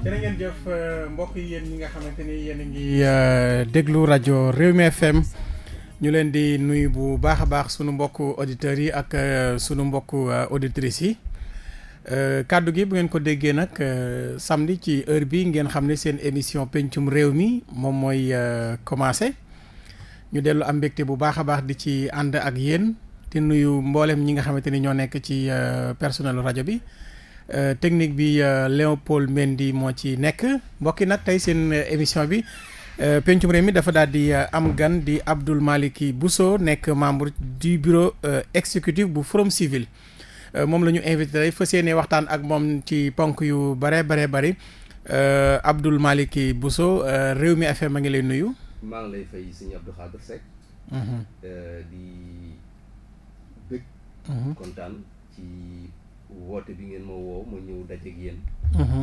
jërë ngeen jëf euh, mbokk yi yéen ñi nga xamante ni yéen a ngi euh, déglu rajo Rewmi FM ñu leen di nuyu bu baax a baax sunu mbokk auditeurs yi ak euh, sunu mbokk auditrices yi kàddu gi bu ngeen ko déggee nag samedi ci heure bi ngeen xam ne seen émission pencum réew mi moom mooy commencé ñu dellu am mbégte bu baax a baax di ci ànd ak yéen di nuyu mbooleem ñi nga xamante ni ñoo nekk ci personnel rajo bi. Euh, technique bi euh, Léopold di moo ci nekk mbokki nag tey seen euh, émission bi pencum réew mi dafa daal di am gan di Abdoul Malick Bousso nekk membre di bureau exécutif bu Forum Civil moom la ñu invité tey fas yéene waxtaan ak moom ci ponk yu bare bare bari Abdoul Malick Bousso réew mi FM a ngi lay nuyu. maa lay fay sëñ mhm. di mhm. kontaan woote bi ngeen ma woo ma ñëw dajeeg yéen. Mhm.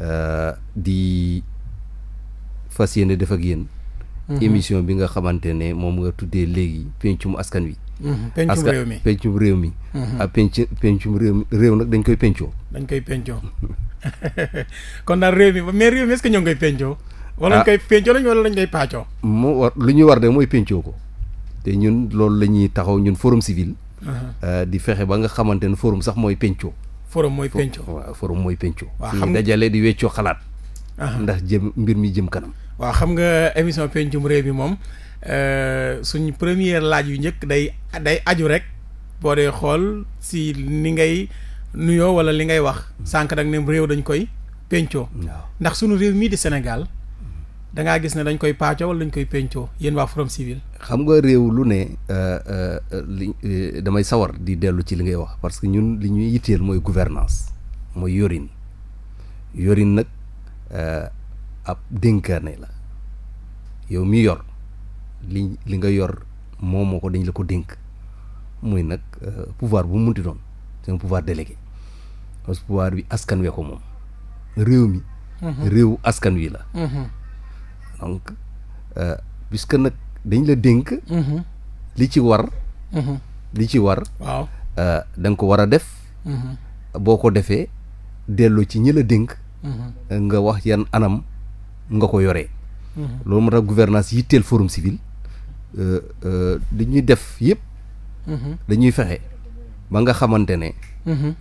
Euh, di fas yéene def ak yéen. Mhm. émission bi nga xamante ne moom nga tuddee léegi pencum askan wi. Mhm. pencum réew mi pencum réew mi. ah penc pencum réew mi réew nag dañ koy pencoo. dañ koy pencoo kon daal réew mi mais réew mi est ñoo ngi koy pencoo. wala ah. ñu koy pencoo lañ wala lañ koy paacoo. moo war lu ñuy war de mooy pencoo ko te ñun loolu la ñuy taxaw ñun forum civil. Euh, di fexe ba nga xamante ne forum sax mooy penco. forum mooy penco forum mooy penco. waaw xam nga dajale di wecco xalaat. ndax jëm mbir mi jëm kanam. waaw xam nga émission pencum réew mi moom euh, suñ première laaj yu njëkk day day aju rek boo dee xool si ni ngay nuyoo wala li ngay wax hmm. sànq nag ne réew dañ koy pencoo. ndax sunu réew mii di Sénégal. da ngaa gis ne dañ koy paaco wala dañ koy pencoo yéen waa Forum Civil. xam nga réew lu ne euh, euh, li euh, damay sawar di dellu ci li ngay wax parce que ñun li ñuy yitteel mooy gouvernance mooy yorin yorin nag ab dénkaane la yow mi yor li li nga yor moom moo ko dañ la ko dénk muy nag pouvoir bu mu ti doon c'est un pouvoir délégué parce que pouvoir bi askan wee ko moom réew mi mm-hmm. réewu askan wi la mm-hmm. donc euh, puisque nag dañ la dénk. Mhm. li ci war. Mhm. li ci war. waaw euh, da ko war a def. Mhm. boo ko defee dellu ci ñi la dénk. nga wax yan anam nga ko yore loolu moo tax gouvernance yitteel forum civil euh, li ñuy def yëpp. dañuy fexe ba nga xamante ne.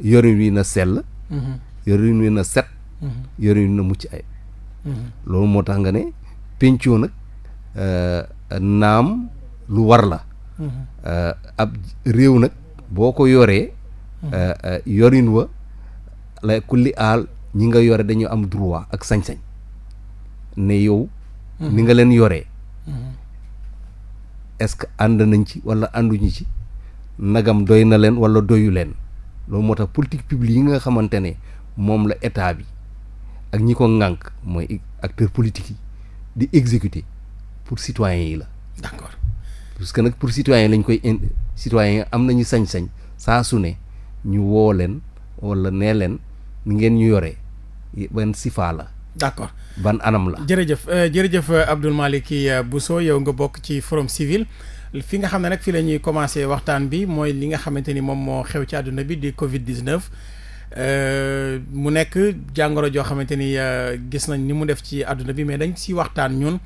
yorin wi na sell. yorin wi na set. yorin wi na mucc ay loolu moo tax nga ne. pencoo nag euh, naam lu war la. Mm-hmm. Euh, ab réew nag boo ko yoree. Mm-hmm. Euh, yorin wa la kulli aal ñi nga yore dañu am droit ak sañ-sañ ne yow. Mm-hmm. ni nga leen yoree. est-ce que ànd nañ ci walla ànduñu ci nagam doy na leen walla doyu leen loolu moo tax politique publique yi nga xamante ne moom la état bi ak ñi ko ŋànk mooy acteur politique yi. di exécuter pour citoyen yi la. d'accord parce que nag pour citoyen lañ koy in citoyen am nañu sañ-sañ saa su ne ñu woo leen wala nee leen ni ngeen ñu yore ban sifaa la. d'accord ban anam la. jërëjëf euh, jërëjëf euh, Abdoul Malick Bousso yow nga bokk ci Forum Civil. fi nga xam ne rek fi la ñuy commencer waxtaan bi mooy li nga xamante ni moom moo xew ci àdduna bi di Covid 19. Euh, mu nekk jàngoro joo xamante ni euh, gis nañ ni mu def ci àdduna bi mais dañ si waxtaan ñun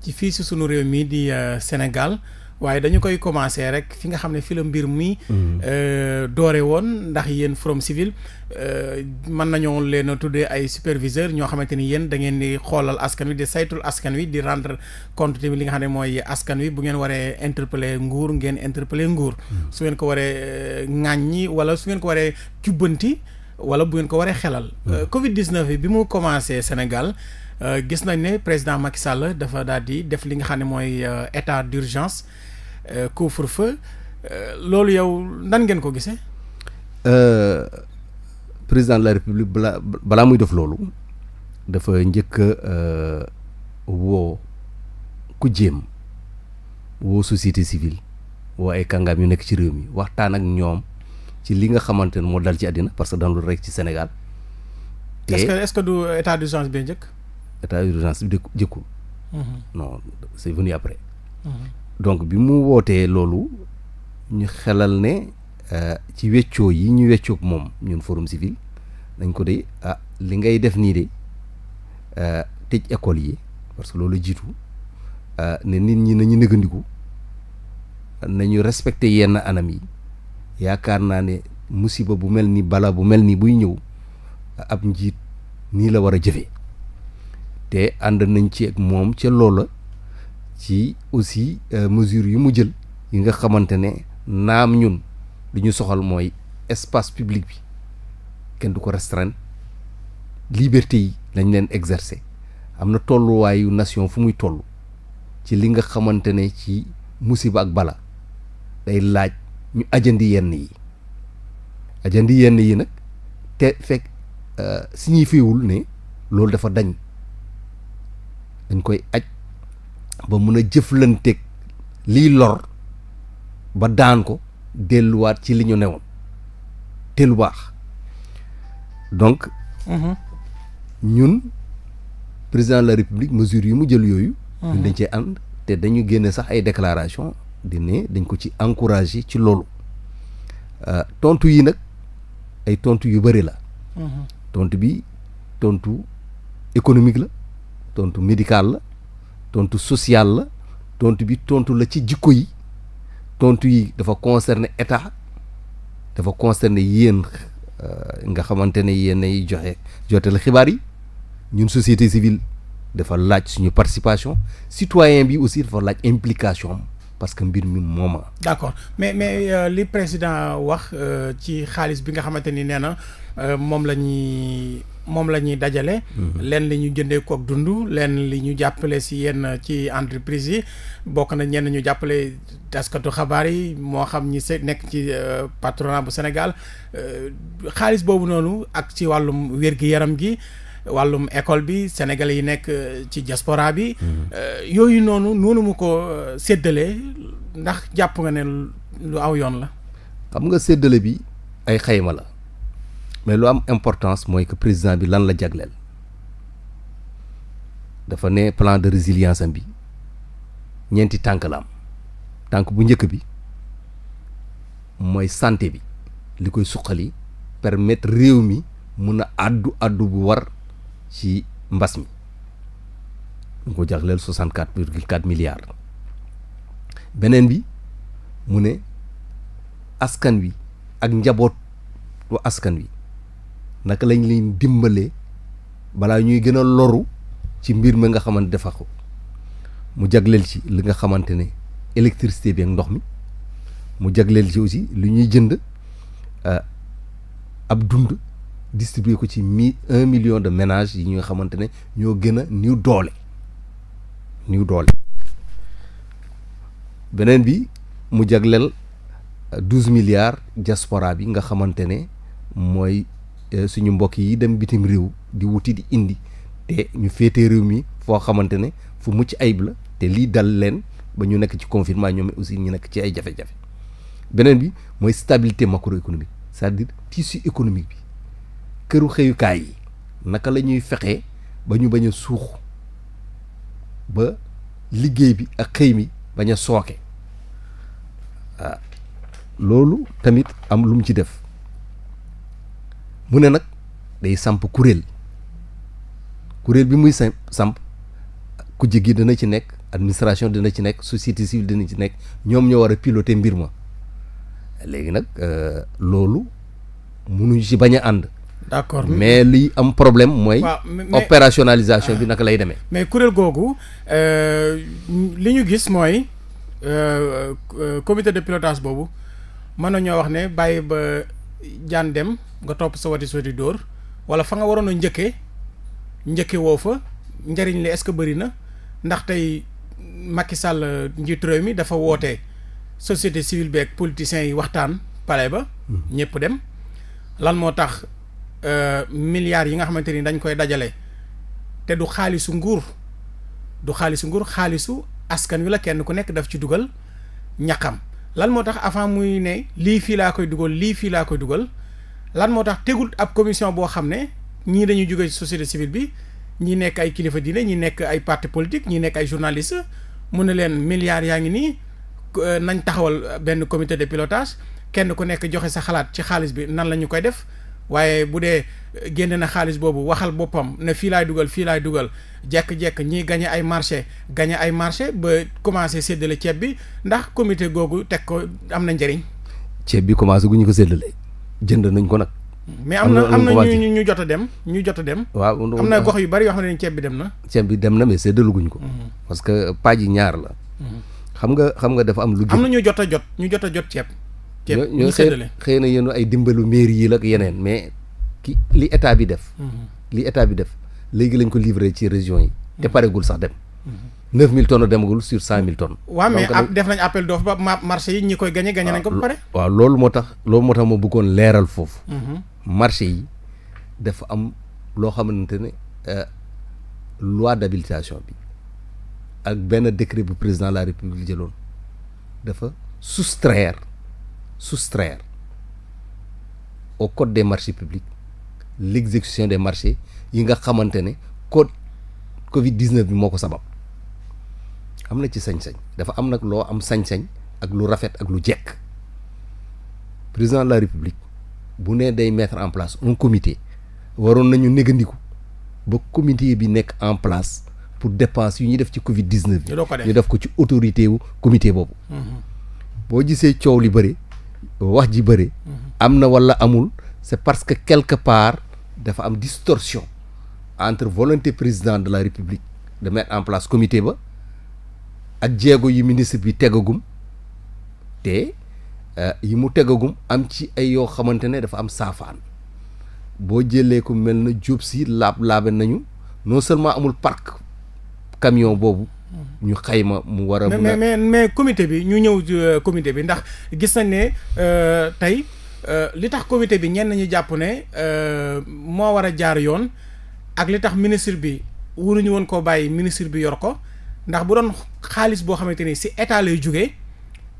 ci fii si sunu réew mii di euh, Sénégal waaye dañu koy commencer rek fi nga xam ne fi la mbir mi. Mm-hmm. doore woon ndax yéen Forum Civil mën nañoo leen a tuddee ay superviseur ñoo xamante ni yéen da ngeen di xoolal askan wi di saytul askan wi di rendre compte tamit li nga xam ne mooy askan wi bu ngeen waree interpeller nguur ngeen interpeller nguur. Mm-hmm. su ngeen ko waree ŋàññi wala su ngeen ko waree jubbanti. wala bu ngeen ko waree xelal. Euh, Covid 19 bi bi mu commencé Sénégal euh, gis nañ ne président Macky Sall dafa daal di def li nga xam ne mooy euh, état d'urgence couvre-feu loolu yow nan ngeen ko gisee. président de la république balaa muy def loolu dafa njëkk woo ku jéem woo société civile woo ay kàngaam yu nekk ci réew mi waxtaan ak ñoom. ci li nga xamante ne moo dal ci àddina parce que daanul rek ci Sénégal. te est que est-ce que du état d'urgence bee njëkk. état d'urgence bi jëkkul. Mm-hmm. non c'est venu après. Mm-hmm. donc bi mu wootee loolu ñu xelal ne euh, ci weccoo yi ñu weccoog moom ñun forum civil dañ ko de ah li ngay def nii de euh, tëj école yi parce que loolu jiitu euh, ne nit ñi nañu nëgëndiku nañu respecté yenn anam yi. yaakaar naa ne musiba bu mel ni bala bu mel ni buy ñëw ab njiit nii la war a jëfee te ànd nañ ci ak moom ca loola ci aussi euh, mesure yu mu jël yi nga xamante ne naam ñun li ñu soxal mooy espace public bi kenn du ko restreindre liberté yi lañ leen exercer am na tolluwaayu nation fu muy toll ci li nga xamante ne ci musiba ak bala day laaj ñu ajandi yenn yi ajandi yenn yi nag te fekk euh, signifiewul ne loolu dafa dañ dañ koy aj ba mun a jëflanteek liy lor ba daan ko delluwaat ci li ñu newoon te lu baax donc mhm. ñun président de la république mesure yi mu jël yooyu ñun dañ mhm. cee ànd te dañu génne sax ay déclaration di dañ ko ci encourage ci loolu euh, tontu yi nag ay tontu yu bëri la. Mhm. tontu bi tontu économique la tontu médical la tontu social la tontu bi tontu la ci jikko yi tontu yi dafa concerner état dafa concerner yéen euh, nga xamante ne yéen ay joxe jottali xibaar yi ñun société civile dafa laaj suñu participation citoyen bi aussi dafa laaj implication parce que mbir mi mooma d' accord mais mais euh, li président wax euh, ci xaalis bi nga xamante ni nee na euh, moom la ñuy moom la ñuy dajale. Mhm. lenn li ñu jëndee kook dund leen li ñu jàppale si yenn ci entreprise yi bokk na ñenn ñu jàppale taskatu xabaar yi moo xam ñi se nekk ci patronat bu Sénégal xaalis boobu noonu ak ci wàllum wér-gi-yaram gi. wàllum école bi sénégalais yi nekk euh, ci diaspora bi. Mm-hmm. Euh, yooyu noonu noonu mu ko euh, séddale ndax jàpp nga ne lu aw yoon la. xam nga séddale bi ay xayma la mais lu am importance mooy que président bi lan la jagleel dafa ne plan de résilience am bi ñeenti tànk la am tànk bu njëkk bi mooy santé bi li koy suqali permettre réew mi mun a àddu àddu bu war ci mbas mi ñu ko jagleel soixante quatre virgule quatre milliards beneen bi mu ne askan wi ak njaboot wa askan wi naka lañ leen dimbalee balaa ñuy gën a loru ci mbir mi nga xamante defa ko mu jagleel ci li nga xamante ne électricité bi ak ndox mi mu jagleel ci aussi lu ñuy jënd euh, ab dund distribuer ko ci mi un million de ménages yi nga xamante ne ñoo gën a niw doole niw doole beneen bi mu jagleel euh, douze milliards diaspora bi nga xamante ne mooy euh, suñu mbokk yi dem bitim réew di wuti di indi te ñu féetee réew mi foo xamante ne fu mucc ayib la te lii dal leen ba ñu nekk ci confinement ñoom aussi ñu nekk ci ay jafe-jafe beneen bi mooy stabilité macroéconomique c'est-à-dire tissu économique bi këru xëyukaay yi naka la ñuy fexe ba ñu bañ a suux ba liggéey bi ak xëy mi bañ a sooke ah, loolu tamit am lum ci def mu ne nag day samp kuréel kuréel bi muy samp ku gi dina ci nekk administration dina ci nekk société civile dina ci nekk ñoom ñoo war a piloter mbir ma léegi nag euh, loolu munuñ ci bañ a ànd d'accord mais liy am problème mooy. opérationnalisation bi ah. naka lay demee. mais kuréel googu euh, li ñu gis mooy euh, euh, comité de pilotage boobu mën nañoo wax ne bàyyi ba jaan dem nga topp sa wati dóor wala fa nga waroon a njëkkee njëkke woo fa njëriñ li est bëri na ndax tey Macky Sall njiitu réew mi dafa woote société civile beeg politiciens yi waxtaan pale ba. Hmm. ñëpp dem lan moo tax. Euh, milliards yi nga xamante ni dañ koy dajale te du xaalisu nguur du xaalisu nguur xaalisu askan wi la kenn ku nekk daf ci dugal ñaqam lan moo tax avant muy ne lii fii laa koy dugal lii fii laa koy dugal lan moo tax tegul ab commission boo xam ne ñii dañuy jóge ci société civile bi ñi nekk ay kilifa diine ñi nekk ay parti politique ñi nekk ay journaliste mu ne leen milliards yaa ngi nii euh, nañ taxawal benn comité de pilotage kenn ku nekk joxe sa xalaat ci xaalis bi nan la ñu koy def waaye bu dee génne na xaalis boobu waxal boppam ne fii laay dugal fii laay dugal jekk-jekk ñiy gañe ay marché gañe ay marché ba commencé séddale ceeb bi ndax comité googu teg ko am na njariñ ceeb bi commencé gu ñu ko séddale jënd nañ ko nag mais am na am na ñu ñu jot a dem ñu jot a dem waaw am na gox yu bari yoo xam ne ceeb bi dem na ceeb bi dem na mais séddalu ko mhm. parce que paj yi ñaar la mhm. xam nga xam nga dafa am lu am na ñu jot a jot ñu jot a jot ceeb ceeb ñoo xëy na yéen ay dimbalu mairie yi la ak yeneen mais ki li état bi def. Mm-hmm. li état bi def léegi lañ ko livré ci région yi. te mm-hmm. pareegul sax dem. 9000 mm-hmm. tonnes demagul sur 100000 tonnes. waaw mais def nañ appel d'offre ba ma marché yi ñi koy gagné gagné nañ ko ba pare. waaw loolu moo tax loolu moo tax ma bëggoon leeral foofu. marché yi dafa am loo xamante ne euh, loi d'habilitation bi ak benn décret bu président la république jëloon dafa soustraire. soustraire au code des marché publics l'exécution des marché yi nga xamante ne code Covid 19 bi moo ko sabab am na ci sañ-sañ dafa am nag loo am sañ-sañ ak lu rafet ak lu jekk président de la république bu nee day mettre en place un comité waroon nañu négandiku ba comité bi nekk en place pour dépense yu ñu def ci Covid 19 bi. ñu def ko ci autorité wu comité boobu. Mm-hmm. boo gisee coow li bëri. wax ji bëri. Mhm. am na walla amul c' est parce que quelque part dafa am distorsion entre volonté président de la république de mettre en place comité ba ak jéego yi ministre bi tegagum te euh, yi mu tegagum am ci ay yoo xamante ne dafa am saafaan boo jëlee ko mel na jub si laab laabe nañu non seulement amul park camion boobu. ñu xayma mu war a. mun mais mais mais comité bi ñu ñëw euh, comité bi ndax gis nañ ne euh, tey euh, li tax comité bi ñenn ñi jàpp ne moo war a jaar yoon ak li tax ministre bi wuruñu woon koo bàyyi ministre bi yor ko ndax bu doon xaalis boo xamante ni si état lay jóge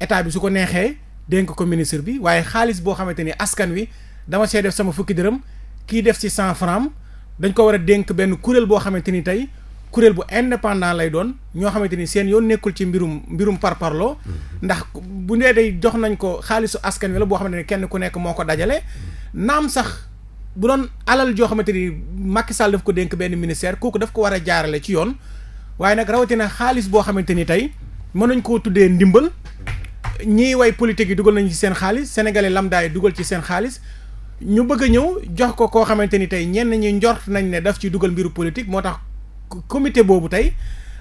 état bi su ko neexee dénk ko ministre bi waaye xaalis boo xamante ni askan wi dama see def sama fukki dërëm kiy def ci cent francs dañ ko war a dénk benn kuréel boo xamante ni tey. kuréel bu indépendant lay doon ñoo xamante ni seen yoon nekkul ci mbirum mbirum parparloo mm-hmm. ndax bu nee day jox nañ ko xaalisu askan wi la boo xamante ni kenn ku nekk moo ko dajale mm-hmm. naam sax bu doon alal joo xamante ni Macky Sall ko dénk benn ministère kooku daf ko war a jaarale ci yoon waaye nag rawatina xaalis boo xamante ni tey mën nañ koo tuddee ndimbal ñiy way politique yi dugal nañ ci seen xaalis sénégalais lamdaay dugal ci seen xaalis ñu bëgg a ñëw jox ko koo xamante ni tey ñenn ñi njort nañ ne daf ci dugal mbiru politique moo tax comité boobu tey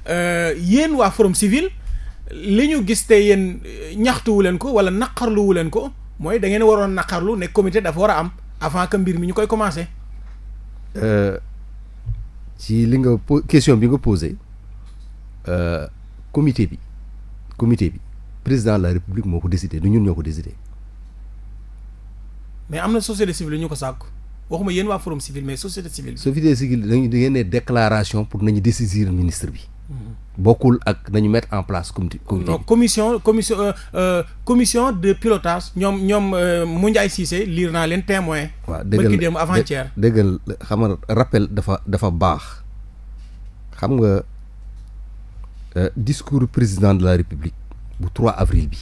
euh, yéen waa forom civil li ñu gis te yéen ñaxtuwu leen ko wala naqarluwu leen ko mooy da ngeen waroon naqarlu ne comité dafa war a am avant que mbir mi ñu koy commencé. Euh, ci li nga po question bi nga posé euh, comité bi comité bi président la république moo ko décidé du ñun ñoo ko décidé. mais am na société civile ñu ko sàkku. waxuma yéen waa forum civil mais société civile. société civile dañu dañu ne pour nañu décisir ministre bi. bokkul ak nañu mettre en place comité comité. commission commission euh, euh, commission de pilotage ñoom ñoom euh, Moundiaye Cissé liir naa leen témoin. waaw dëggal dem avant-hier. dëggal xam nga rappel dafa dafa baax xam nga discours président de la république bu 3 avril bi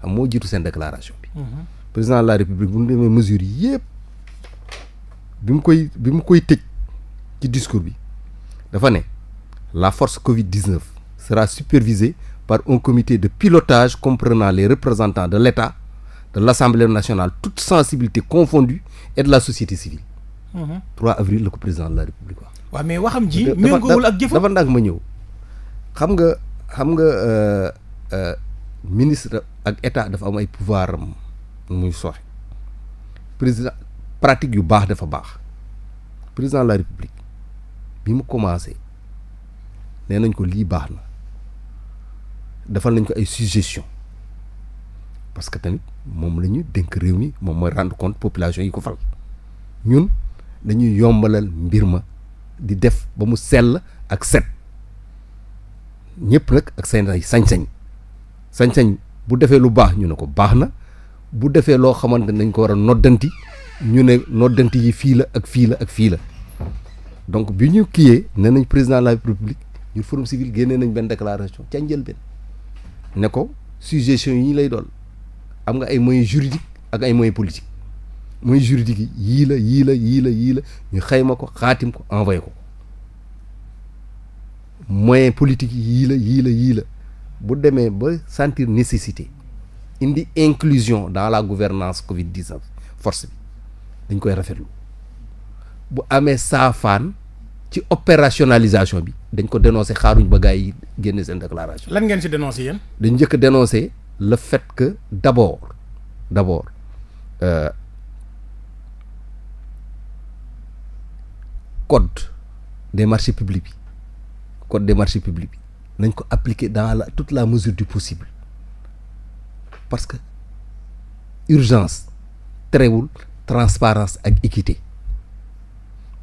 xam moo jiitu seen déclaration bi. Mhm. président de la république bu ñu demee mesures yépp bi mu koy bi mu koy tëj ci discours bi dafa ne la force Covid-19 sera supervisée par un comité de pilotage comprenant les représentants de l'État, de l'Assemblée nationale, toutes sensibilités confondues et de la société civile. Mmh. avril la ko président de la République wax. mais waxam ji. méngoowul ak jëfam dafa dafa ma ñëw. xam nga xam nga euh, euh, ministre ak état dafa am ay pouvoir muy soxe pratique yu baax dafa baax président la république bi mu commencé nee nañ ko lii baax na defal nañ ko ay suggestion parce que tamit moom la ñu dénk réew mi moom mooy rendre compte population yi ko fal ñun dañuy yombalal mbir ma di def ba mu sell ak set ñëpp nag ak seen ay sañ-sañ sañ-sañ bu defee lu baax ñu ne ko baax na bu defee loo xamante nañ ko war a noddanti ñu ne noddante yi fii la ak fii la ak fii la donc bi ñu kiiyee nee nañ président la république ñun form civil génnee nañ benn déclaration ca njëlbeen ne ko suggestion yi ñu lay doon am nga ay moyen juridiques ak ay moyens politiques moyens juridiques yi yii la yii la yii la yii la ñu xayma ko xaatim ko envoyé ko moyens politiques yii la yii la yii la bu demee ba sentir nécessité indi inclusion dans la gouvernance covid 19 force bi dañ koy rafetlu bu amee saafaan ci opérationnalisation bi dañ ko dénoncé xaaruñ ba gars yi génne seen déclaration. lan ngeen ci dénoncé yéen. dañ njëkk a le fait que d' abord d' abord euh, code des marché publics bi code de marché publics bi nañ ko appliquer dans la toute la mesure du possible parce que urgence terewul. transparence ak équité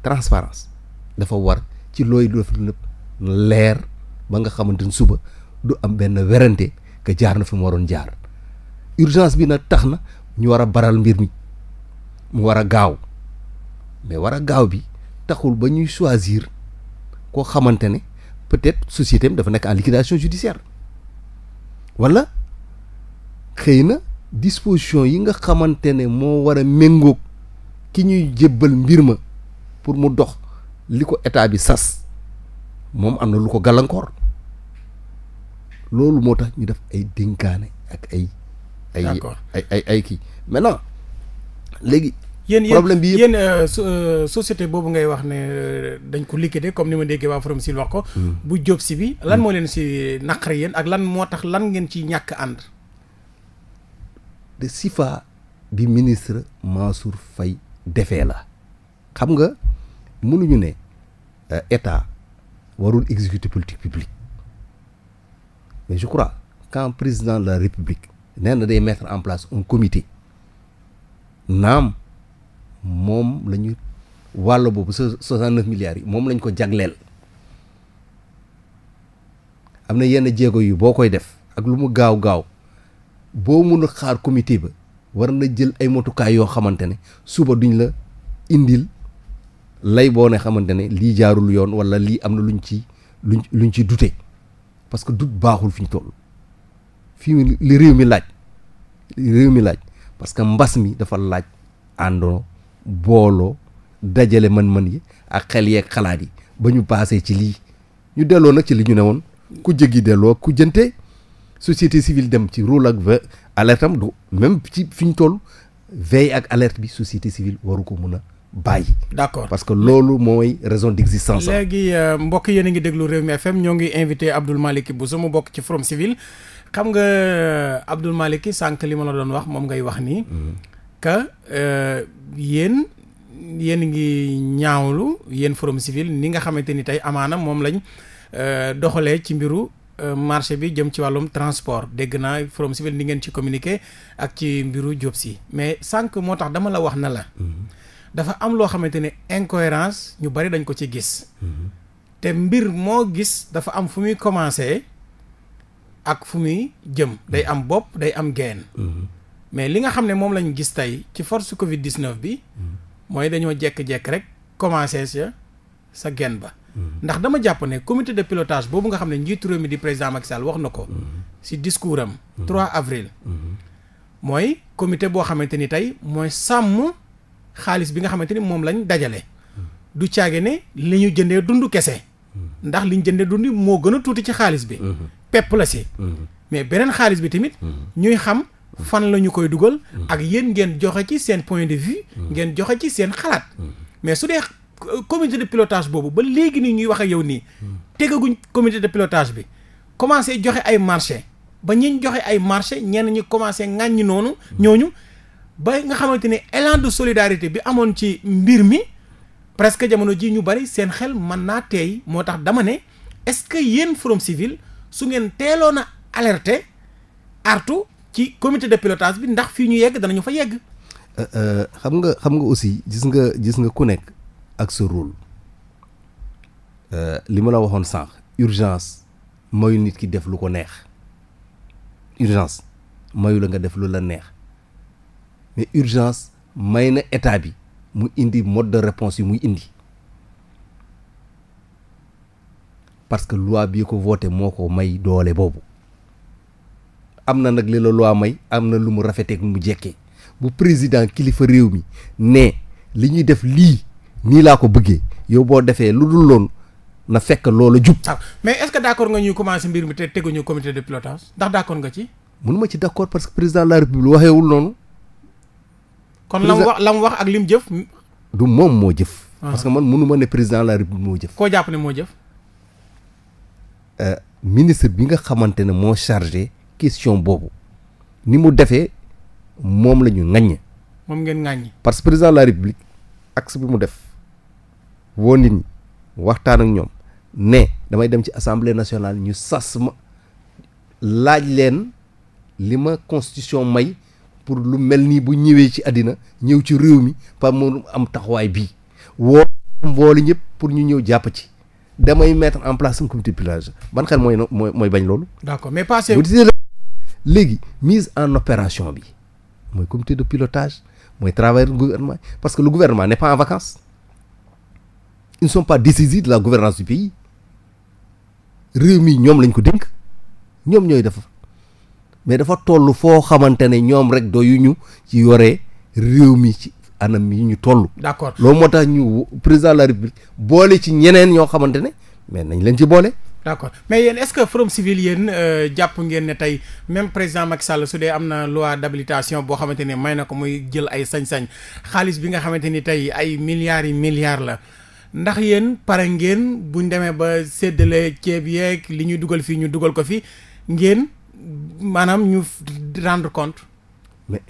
transparence dafa war ci looy def lépp leer ba nga xamante ni suba du am benn werante que jaar na fi mu waroon jaar urgence bi nag tax na ñu war a baral mbir mi mu war a gaaw mais war a gaaw bi taxul ba ñuy choisir koo xamante ne peut-être société dafa nekk en liquidation judiciaire wala xëy na disposition yi nga xamante ne moo war a méngoog ki ñuy jébbal mbir ma pour mu dox li ko état bi sas moom am na lu ko gàllankoor loolu moo tax ñu def ay dénkaane ak ay. ay ay ay ay kii maintenant léegi. problème bi yéen yéen euh, euh, société boobu ngay wax ne euh, dañ ko liquider comme ni ma déggee waa si Civil wax ko. Hmm. bu jóob si bi. lan hmm. moo leen si naqari yéen ak lan moo tax lan ngeen ci ñàkk ànd. de sifa bi ministre Mansour fay defee la xam nga mënuñu ne euh, état warul exécuter politique publique mais je crois quand président de la république nee na day mettre en place un comité naam moom la ñu wàll boobu soixante neuf milliards yi moom lañ ko jagleel am na yenn jéego yi boo koy def ak lu mu gaaw gaaw boo mun xaar comité ba war na jël ay motukaay yoo xamante ne suba duñ la indil lay boo ne xamante ne lii jaarul yoon wala lii am na luñ ci lu luñ ci dute parce que dut baaxul fi ñu toll fii li réew mi laaj li réew mi laaj parce que mbas mi dafa laaj àndoo booloo dajale man man yi ak xel yeeg xalaat yi ba ñu paasee ci lii ñu delloo nag ci li ñu ne woon ku jéggi delloo ku jënte société civile dem ci rôle ak ve alerte am du même ci fi ñu toll veille ak alerte bi société civile waru ko mun a bàyyi. d'accord parce que loolu mooy raison d'existence. léegi euh, mbokk yéen a ngi déglu Rewmi FM ñoo ngi invité Abdoul Malick Bousso mu bokk ci Forum Civil xam nga euh, Abdoul Malick sànq li ma la doon wax moom ngay wax ni ka mhm. euh, yéen yéen ngi ñaawlu yéen Forum Civil ni nga xamante ni tey amaana moom lañ doxalee ci mbiru. Euh, marché bi jëm ci wàllum transport dégg naa from Civil ni ngeen ci communiqué ak ci mbiru Diop Sy mais sànq moo tax dama la wax na la. Mm-hmm. dafa am loo xamante ni incohérence ñu bari dañ ko ci gis. Mm-hmm. te mbir moo gis dafa am fu muy commencé ak fu muy jëm day am bopp day am geen mm-hmm. mais li nga xam ne moom lañ gis tey ci force Covid 19 bi. mooy dañoo jekk-jekk rek commencé sa sa genn ba. ndax dama jàpp ne comité de pilotage boobu nga xam ne njiitu réew mi di président Macky Sall wax na ko. ci discours am. 3 avril. mooy comité boo xamante ni tey mooy sàmm xaalis bi nga xamante ni moom lañ dajale. du caage ne li ñu jëndee dund kese. ndax li ñu jëndee dund moo gën a tuuti ci xaalis bi. pepp la si mais beneen xaalis bi tamit. ñuy xam. fan la ñu koy dugal. ak yéen ngeen joxe ci seen point de vue. ngeen joxe ci seen xalaat. mais su dee comité de pilotage boobu ba léegi nii ñuy waxee ak yow nii tegaguñ comité de pilotage bi commencé joxe ay marché ba ñiñ joxe ay marché ñenn ñi commencé ŋàññi noonu ñooñu ba nga xamante ne élan de solidarité bi amoon ci mbir mi presque jamono ji ñu bari seen xel mën naa teey moo tax dama ne est-ce que yéen Forum Civil su ngeen teeloon a alerté artu ci comité de pilotage bi ndax fii ñu yegg danañu fa yegg euh, euh, xam nga xam nga aussi gis nga gis nga ku nekk ak sa rôle euh, li ma la waxoon sànq urgence mayu nit ki def lu ko neex urgence mayu nga def lu la neex mais urgence may na état bi mu indi mode de réponse yi muy indi parce que loi bi ko voté moo ko may doole boobu am na nag li la loi may am na lu mu rafetee ak mu jekkee bu président kilifa réew mi ne li ñuy def lii nii laa ko bëggee yow boo defee lu dul loolu na fekk loola jub. Ah, mais est-ce que d'accord nga ñuy commencer mbir mi te teguñu comité de pilotage ndax d'accord nga ci. mënuma ci d'accord parce que président de la république waxeewul noonu. kon lam wax lam wax ak lim jëf. du moom moo jëf. Ah. parce que man mënuma ne président de la république moo jëf. koo jàpp ne moo jëf. Euh, ministre bi nga xamante ne moo chargé question boobu ni mu defee moom la ñu ŋaññ. moom ngeen ŋaññ. parce que président de la république axe bi mu def. woo nit ñi waxtaan ak ñoom ne damay dem ci assemblée nationale ñu sas ma laaj leen li ma constitution may pour lu mel nii bu ñëwee ci àddina ñëw ci réew mi par mu am taxawaay bii woo mboolu ñëpp pour ñu ñëw jàpp ci damay mettre en place un comité de pilotage ban xel mooy mooy mooy bañ loolu. d'accord mais passé léegi mise en opération bi mooy comité de pilotage mooy travail gouvernement parce que lu gouvernement n'est pas en vacances. ils ne sont pas décisifs la gouvernance du pays réew mi ñoom lañ ko dénk ñoom ñooy defar mais dafa toll foo xamante ne ñoom rek doyu ñu ci yore réew mii ci anam yi ñu toll. d'accord loolu moo tax ñu président de la république boole ci ñeneen ñoo xamante ne mais nañ leen ci boole. d'accord mais yéen est-ce que forum civil yéen euh, jàpp ngeen ne tey même président Macky Sall su dee am na loi d'habilitation boo xamante ne may na ko muy jël ay sañ-sañ xaalis bi nga xamante ni tey ay milliards yi milliards la. ndax yéen pare ngeen buñ demee ba séddale ceeb yeeg li ñuy dugal fii ñu dugal ko fi ngeen maanaam ñu rendre compte. mais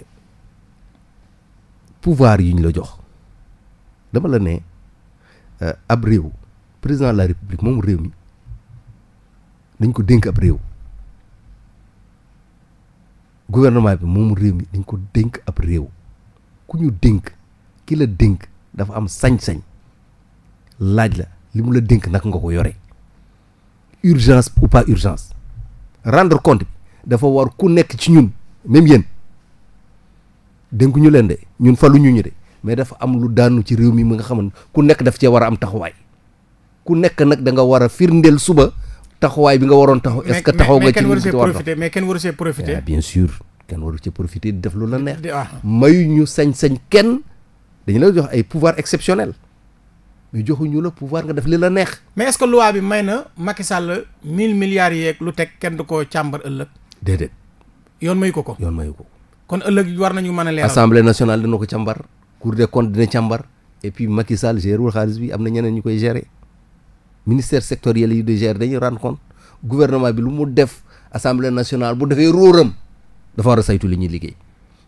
pouvoir yi ñu la jox dama la ne euh, ab réew président de la république moom réew mi dañ ko dénk ab réew gouvernement bi moom réew mi dañ ko dénk ab réew ku ñu dénk ki la dénk dafa am sañ-sañ. laaj la li mu la dénk naka nga ko yore urgence ou pas urgence rendre compte dafa war ku nekk ci ñun même yéen dénku ñu leen de ñun falu ñu ñu de mais dafa am lu daanu ci réew mi mi nga xam ku nekk daf cee war a am taxawaay ku nekk nag da nga war a firndeel suba taxawaay bi nga waroon taxaw. est-ce que taxaw nga ci lu ci war mais kenn waru see profité eh, bien sûr kenn waru see profité di def lu la neex. Ah. mayu ñu sañ-sañ kenn dañu la jox ay pouvoir exceptionnel. mais joxuñu la pouvoir nga def li la neex. mais est-ce bi may na Macky Sall mille milliards yeeg lu teg kenn du ko càmbar ëllëg. déedéet. yoon mayu ko ko yoon mayu ko. kon ëllëg war nañu man a leeral. assemblée nationale dina ko càmbar. cour des comptes dina càmbar. et puis Macky Sall wul xaalis bi am na ñeneen ñu koy gérer ministère sectoriel yi di gérer dañuy rendre compte gouvernement bi lu mu def assemblée nationale bu defee róoram dafa war a saytu li ñuy liggéey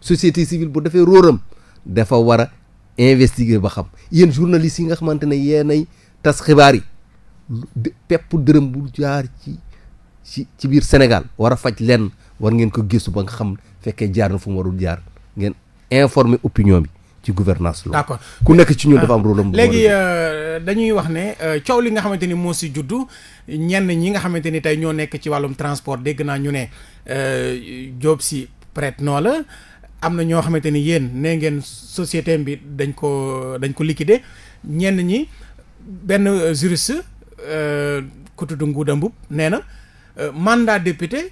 société civile bu defee róoram dafa war investiguer ba xam yéen journalistes yi nga xamante ne yéenay tas xibaar yi pepp dërëm bu jaar ci ci ci biir Sénégal war a faj lenn war ngeen ko gëstu ba nga xam fekkee jaar na fu mu warul jaar ngeen informer opinion bi ci gouvernance loolu d'accord ku nekk ci ñun euh, dafa am rôle léegi euh, dañuy wax ne euh, coow li nga xamante ni moo si juddu ñenn ñi nga xamante ni tey ñoo nekk ci wàllum transport dégg naa ñu ne Diop si prête noo la am na ñoo xamante ni yéen nee ngeen société bi dañ ko dañ ko liquider ñenn ñi benn euh, juriste euh, ku tudd Ngouda Mboup nee na euh, mandat député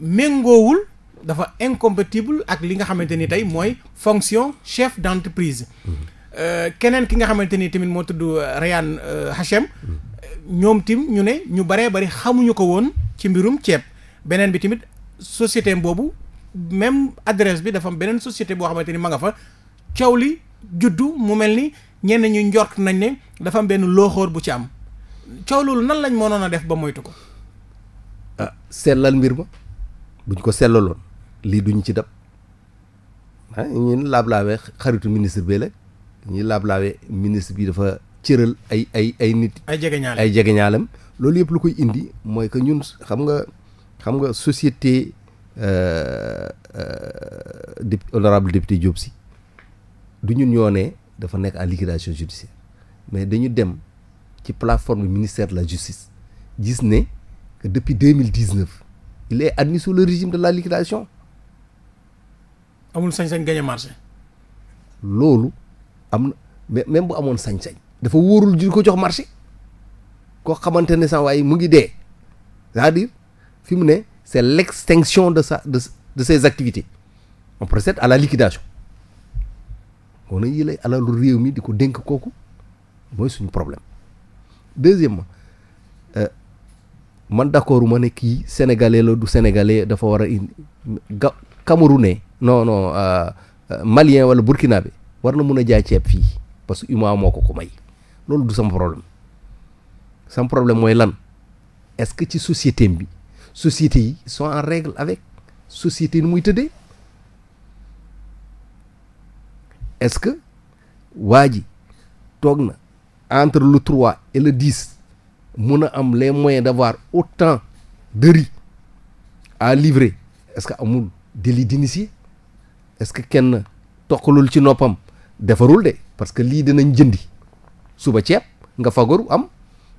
méngoowul dafa incompatible ak li nga xamante ni tey mooy fonction chef d'entreprise mm-hmm. keneen ki nga xamante ni tamit moo tudd Rayane Hachem mm-hmm. ñoom tim ñu ne ñu baree bari xamuñu ko woon ci mbirum ceeb beneen bi tamit société boobu même adresse bi dafa am beneen société boo xamante ni ma nga fa coow li juddu mu mel ni ñenn ñu njort nañ ne dafa am benn looxoor bu ci am coow loolu nan lañ mënoon a def ba moytu ko. ah sellal mbir ma buñ ko sellaloon lii duñ ci dab ah ñun laab-laabee xaritu ministre bi la ñuy laab-laabee ministre bi dafa cëral ay ay ay nit. ay jegeñaale ay jegeñaaleem loolu yëpp lu koy indi mooy que ñun xam nga xam nga société. Euh, euh, di honorable député Diop du ñun ñoo ne dafa nekk en liquidation judiciaire mais dañu dem ci plateforme ministère de la justice gis ne que depuis deux mille dix neuf il est admis sous le régime de la liquidation. amul sañ-sañ gagné marché. loolu am na même bu amoon sañ-sañ. dafa wóorul di ko jox marché koo xamante ne sax waaye mu ngi dee cest à fi mu ne. c'est l'extinction de sa de, de ses activités on procède à la liquidation moo na yëlay alalu réew mi di ko dénk kooku mooy suñu problème deuxièmement euh, man d'accord ma ne kii sénégalais la du sénégalais dafa war a indi ga camerounais non non euh, euh, malien wala burkinabé war na mun a jaay ceeb fii parce que UMOA moo ko ko may loolu du sama problème sama problème mooy lan est-ce que ci société bi sociétés yi sont en règle avec société nu muy tëddee est-ce que waa ji toog na entre le trois et le dix mun a am les moyens d'avoir autant de riz à livrer est-ce que amul délit d'initié est-ce que kenn toqalul ci noppam defarul de parce que lii dinañ jëndi suba ceeb nga fagaru am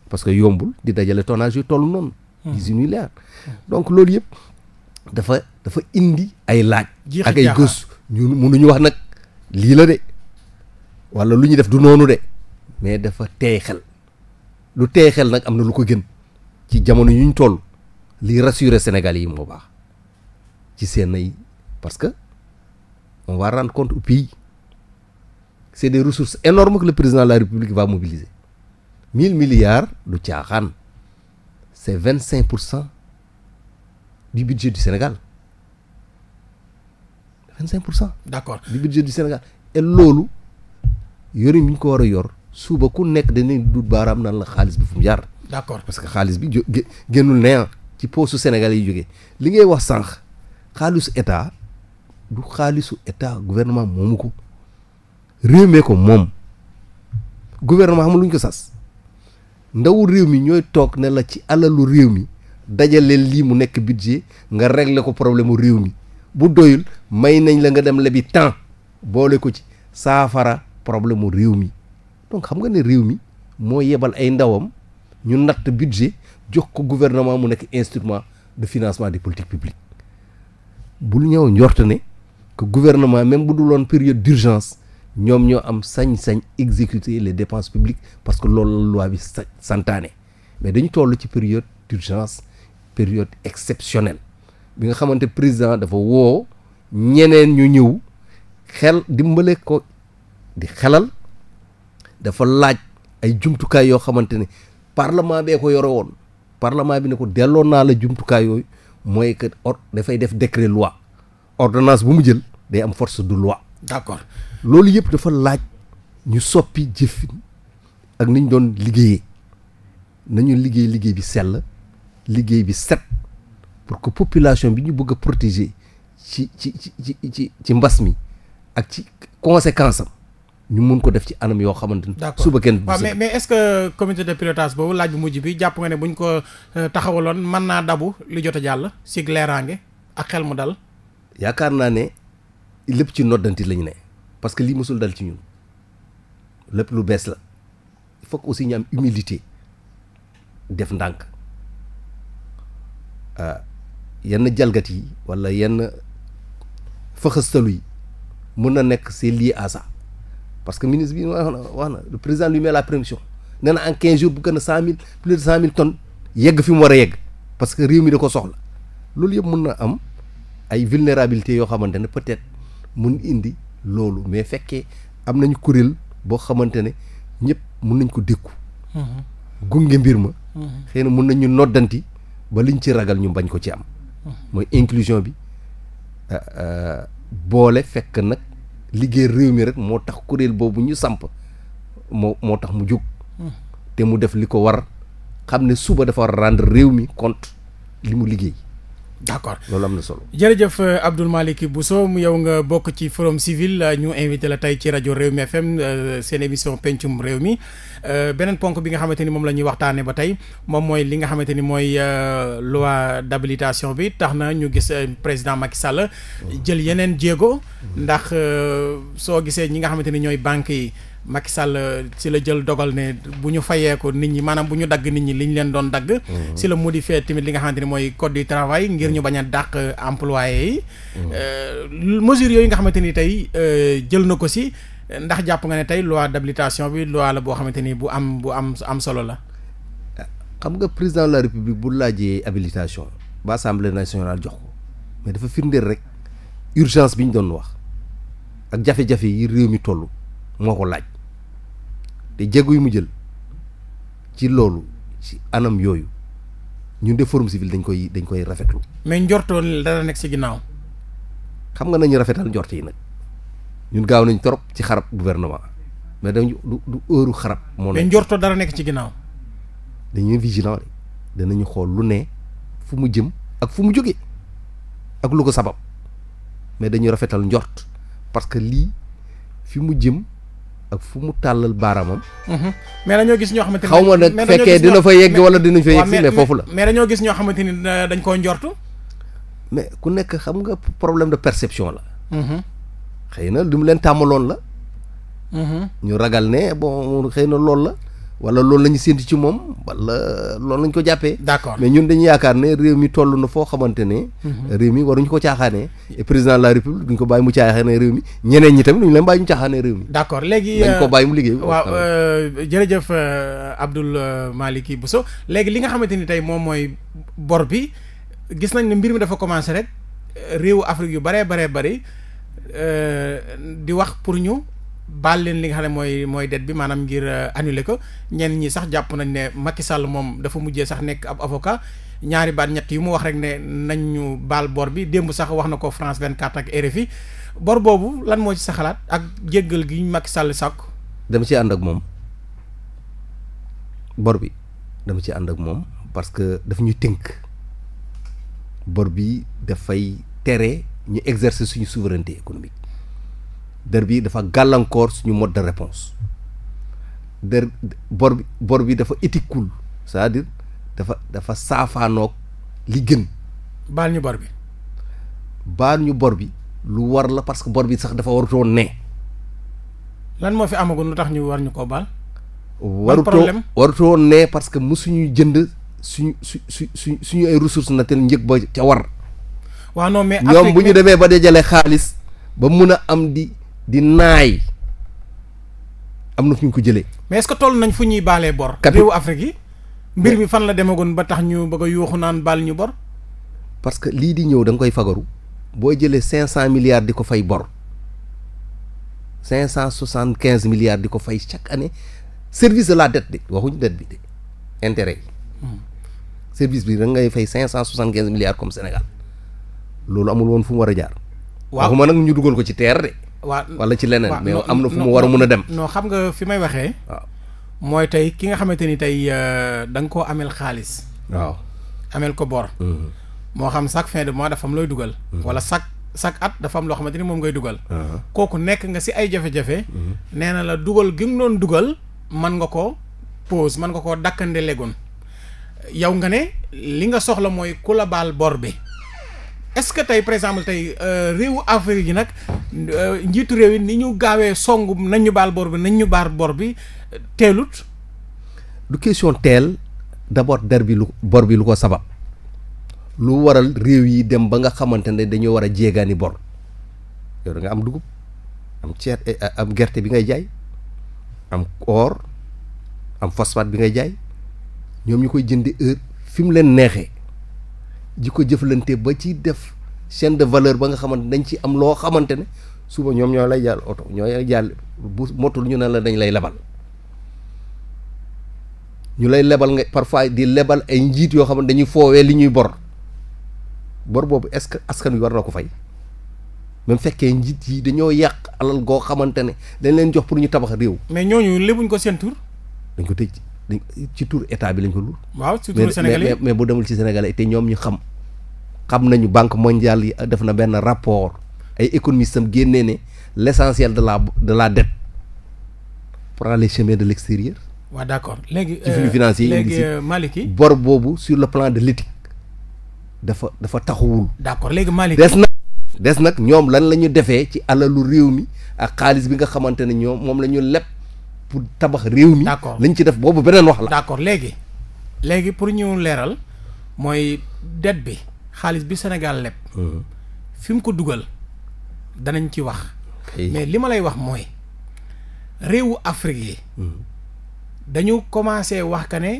parce que yombul di dajale tonnage yu tollu noonu gis hmm. yu leer donc loolu yëpp dafa dafa indi ay laaj ak ay gëstu ñun mënuñu wax nag lii la de wala lu ñu def du noonu de mais dafa teey lu teey xel nag am na lu ko gën ci jamono yuñ toll lii rassurer Sénégal yi moo baax ci seen ay parce que on va rendre compte au pays c'est des ressources énormes que le président de la République va mobiliser mille milliards du caaxaan c'est vingt cinq pour cent du budget du Sénégal vingt cinq pour cent. d'accord du budget du Sénégal et loolu yorin bi ñu ko war a yor suba ku nekk danañ du baaraam naan la xaalis bi fu mu jaar. d'accord parce que xaalis bi jo génnul ne ah ci poosu Sénégal yi jóge li ngay wax sànq xaalisu état du xaalisu état gouvernement moomu ko réew mee ko moom gouvernement xam lu ñu ko sas. ndawu réew mi ñooy toog ne la ci alalu réew mi dajaleel lii mu nekk budget nga régler ko problème mu réew mi bu doyul may nañ la nga dem lebi temps boole ko ci saafara problème mu réew mi donc xam nga ne réew mi moo yebal ay ndawam ñu natt budget jox ko gouvernement mu nekk instrument de financement des politiques publiques bul ñëw njort ne que gouvernement même bu dul woon période d'urgence ñoom ñoo am sañ-sañ exécuter les dépenses publiques parce que loolu la loi bi santaane mais dañu toll ci période d'urgence période exceptionnelle bi nga xamante président dafa woo ñeneen ñu ñëw xel dimbale ko di xelal dafa laaj ay jumtukaay yoo xamante ne parlement bee ko yore woon parlement bi ne ko delloo naa la jumtukaay yooyu mooy que or dafay def décret loi ordonnance bu mu jël day am force de loi d'accord loolu yëpp dafa laaj ñu soppi jëfin ak ni ñu doon liggéeyee nañu liggéey liggéey bi sell liggéey bi set pour que population bi ñu bëgg a protéger ci ci ci ci ci ci mbas mi ak ci conséquence am ñu mun ko def ci anam yoo xamante ni. d'accord suba kenn waaw mais mais est-ce que comité de boobu laaj bu mujj bi jàpp nga ne buñ ko euh, taxawaloon mën naa dabu li jot a jàll si leeraange ak xel mu dal. yaakaar naa ne lépp ci noddanti lañu ne. parce que lii mosul dal ci ñun lépp lu bees la il aussi ñu am humilité def ndànk euh, yenn jalgat yi walla yenn fëxëstalu yi mun na nekk c'est lié à ça parce que ministre bi wax na wax na le président lu met la permission nee na en quinze jours bu gën a cent mille plus de cent mille tonnes yegg fi mu war a yegg parce que réew mi da ko soxla loolu yëpp mun na am ay vulnérabilité yoo xamante ne peut-être mun indi loolu mais fekkee am nañu kuréel boo xamante ne ñëpp mun nañ ko dékku mhm. gunge mbir ma mhm. xëy na mun nañu noddanti ba liñ ci ragal ñu bañ ko ci am mhm. mooy inclusion bi euh, euh, boole fekk nag liggéey réew mi rek moo tax kuréel boobu ñu samp moo moo tax mu jóg te mu def li ko war xam ne suba dafa war rendre réew mi compte li mu liggéey d' accord loolu am na solo. jërëjëf euh, Abdoul Malick Bousso yow nga bokk ci forum civil euh, ñu invité la tey ci rajo Réew mi FM euh, seen émission pencum réew mi beneen ponk bi nga xamante ni moom la ñuy waxtaanee ba tey moom mooy li nga xamante ni mooy loi d' habilitation bi tax na ñu gis président Macky Sall jël yeneen jéego. Mm-hmm. ndax soo gisee ñi nga xamante ni ñooy banques yi. Macky Sall si euh, la jël dogal ne bu ñu fayee ko nit ñi maanaam bu ñu dagg nit ñi li ñu leen doon dagg. si mhm. la modifié tamit li nga xamante ni mooy code du travail ngir ñu bañ a dàq euh, employé yi. Mhm. Euh, mesures yooyu nga xamante ni tey jël na ko si ndax jàpp nga ne tey loi d'habilitation bi loi la boo xamante ni bu am bu am am solo la. xam nga président de la république bu laajee habilitation ba assemblée nationale jox ko mais dafa firndeel rek urgence bi ñu doon wax ak jafe yi réew mi toll moo laaj. te jéego yu mu jël ci loolu ci anam yooyu ñun de forum civil dañ koy dañ koy rafetlu. mais njortoon dara nekk ci ginnaaw. xam nga nañu rafetal njort yi nag ñun gaaw nañ torop ci xarab gouvernement mais dañu du du heure xarab. moo mais njorto dara nekk ci ginnaaw. dañuy vigilant de danañu xool lu ne fu mu jëm ak fu mu jógee ak lu ko sabab mais dañu rafetal njort parce que lii fi mu jëm. ak fu mu tàllal baaraamam. Mhm. mais dañoo gis ñoo xamante ni xaw nag fekkee dina fa yegg wala dinañ fa yegg si mais foofu la. mais dañoo gis ñoo xamante ni euh, dañ koo njortu. mais ku nekk xam nga problème de perception la. Mhm. xëy na lu mu leen tàmmaloon la. Mhm. ñu ragal ne bon xëy na loolu la. wala loolu la ñu ci moom wala loolu la ko jàppee. d'accord mais ñun dañu yaakaar ne réew mi toll na foo xamante ne. Mhm. réew mi war waruñu ko caaxaanee. président de la république duñ ko bàyyi mu caaxaanee réew mi ñeneen ñi tamit duñ leen bàyyi ñu caaxaanee réew mi. d'accord léegi dañ ko euh, bàyyi mu liggéey. waaw euh, jërëjëf euh, Abdoul Malick Bousso léegi li nga xamante ni tey moom mooy bor bi gis nañ ni mbir mi dafa commencé rek réew Afrique yu baree baree bari di wax pour ñu. baal leen li nga xam ne mooy mooy det bi maanaam ngir euh, annuler ko ñeen ñi sax jàpp nañ ne Macky Sall moom dafa mujjee sax nekk ab avocat ñaari baat ñett yu mu wax rek ne nañ ñu baal bor bi démb sax wax na ko France 24 ak RFI bor boobu lan moo ci sa xalaat ak jéggal gi Macky Sall sàkk dama ci ànd ak moom bor bi dama ci ànd ak moom parce que daf ñu tënk bor bi dafay tere ñu exercer suñu souveraineté économique der bi dafa gàllankoor suñu mode de réponse der bor bi bor bi dafa étiquul cest à dafa dafa saafaanoog li gën baal ñu bor bi baal ñu bor bi lu war la parce que bor bi sax dafa warutoon ne lan moo fi amagoon lu tax ñu war ñu ko baal warutoo warutoo ne parce que mu musuñu jënd suñu su su su suñu ay ressources naturelles njëg ba ca war mais ñoom bu ñu demee ba dajale xaalis ba mun a am di di naay am na fu ñu ko jëlee. mais est-ce que toll nañ fu ñuy baalee bor. réewu Afrique yi mbir mi fan la deme demagoon ba tax ñu ba a yuuxu naan baal ñu bor. parce que lii di ñëw da nga koy fagaru boo jëlee cinq cent milliards di ko fay bor cinq cent soixante quinze milliards di ko fay chaque année service de la dette de waxuñu dette bi de intérêt yi. Hmm. service bi da ngay fay cinq cent soixante quinze milliards comme Sénégal loolu amul woon fu mu war a jaar. waaw waxuma nag ñu dugal ko ci teer de. waa wala ci leneen mais am na fu mu war a mun a dem non xam nga fi may waxee mooy tey ki nga xamante ni tey euh, da nga koo ameel xaalis ameel ko bor mhm. moo xam chaque fin de mois dafa am looy dugal mhm. wala chaque chaque at dafa am loo xamante ni moom ngay dugal uh-huh. kooku nekk nga si ay jafe-jafe mhm. nee na la dugal gi nga doon dugal mën nga ko pause mën nga ko dakkande legoon yow nga ne li nga soxla mooy ku la baal bor bi est-ce que tey par exemple tey euh, réewu Afrique yi nag euh, njiitu réew yi ni ñu gaawee songu nañ ñu baal bor bi nañ ñu baal bor bi teelut. du question teel d'abord der bi lu bor bi lu ko sabab lu waral réew yi dem ba nga xamante ne dañoo war a jéegaani bor yow da am dugub am ceeb eh, eh, am gerte bi ngay jaay am or am phosphate bi ngay jaay ñoom ñu koy jëndi heure fi mu leen neexee. ji ko jëflante ba ci def chaîne de valeur ba nga xamante dañ ci am loo xamante ne suba ñoom ñoo lay jàll oto ñoo lay jàll bu motul ñu ne la dañ lay lebal ñu lay lebal nga parfois di lebal ay njiit yoo xam ne dañuy foowee li ñuy bor bor boobu est-ce que askan wi war na ko fay même fekkee njiit yi dañoo yàq alal goo xamante ne dañ leen jox pour ñu tabax réew. mais ñooñu lébuñ ko seen tur. dañ ko tëj dañ ci tour état bi lañ ko luur. waaw ci turu mais mais bu demul ci Sénégalais te ñoom ñu xam. xam nañu banque mondiale yi def na benn rapport ay économistes am génnee ne l' essentiel de la de la dette prend les chemins de l' extérieur. waaw d' accord léegi ci flux euh, financier yi indi si Maliki bor boobu sur le plan de l'éthique dafa dafa taxawul. d' accord léegi Maliki des na des nag ñoom lan la ñu defee ci alalu réew mi ak xaalis bi nga xamante ne ñoom moom la ñu leb pour tabax réew mi. d' accord lañ ci def boobu beneen wax la. d' accord léegi léegi pour ñu leeral mooy dette bi. xaalis bi Sénégal leb. Mhm. fi mu ko dugal danañ ci wax. mais li ma lay wax mooy réewu Afrique yi. Mhm. dañu commencé wax ka ne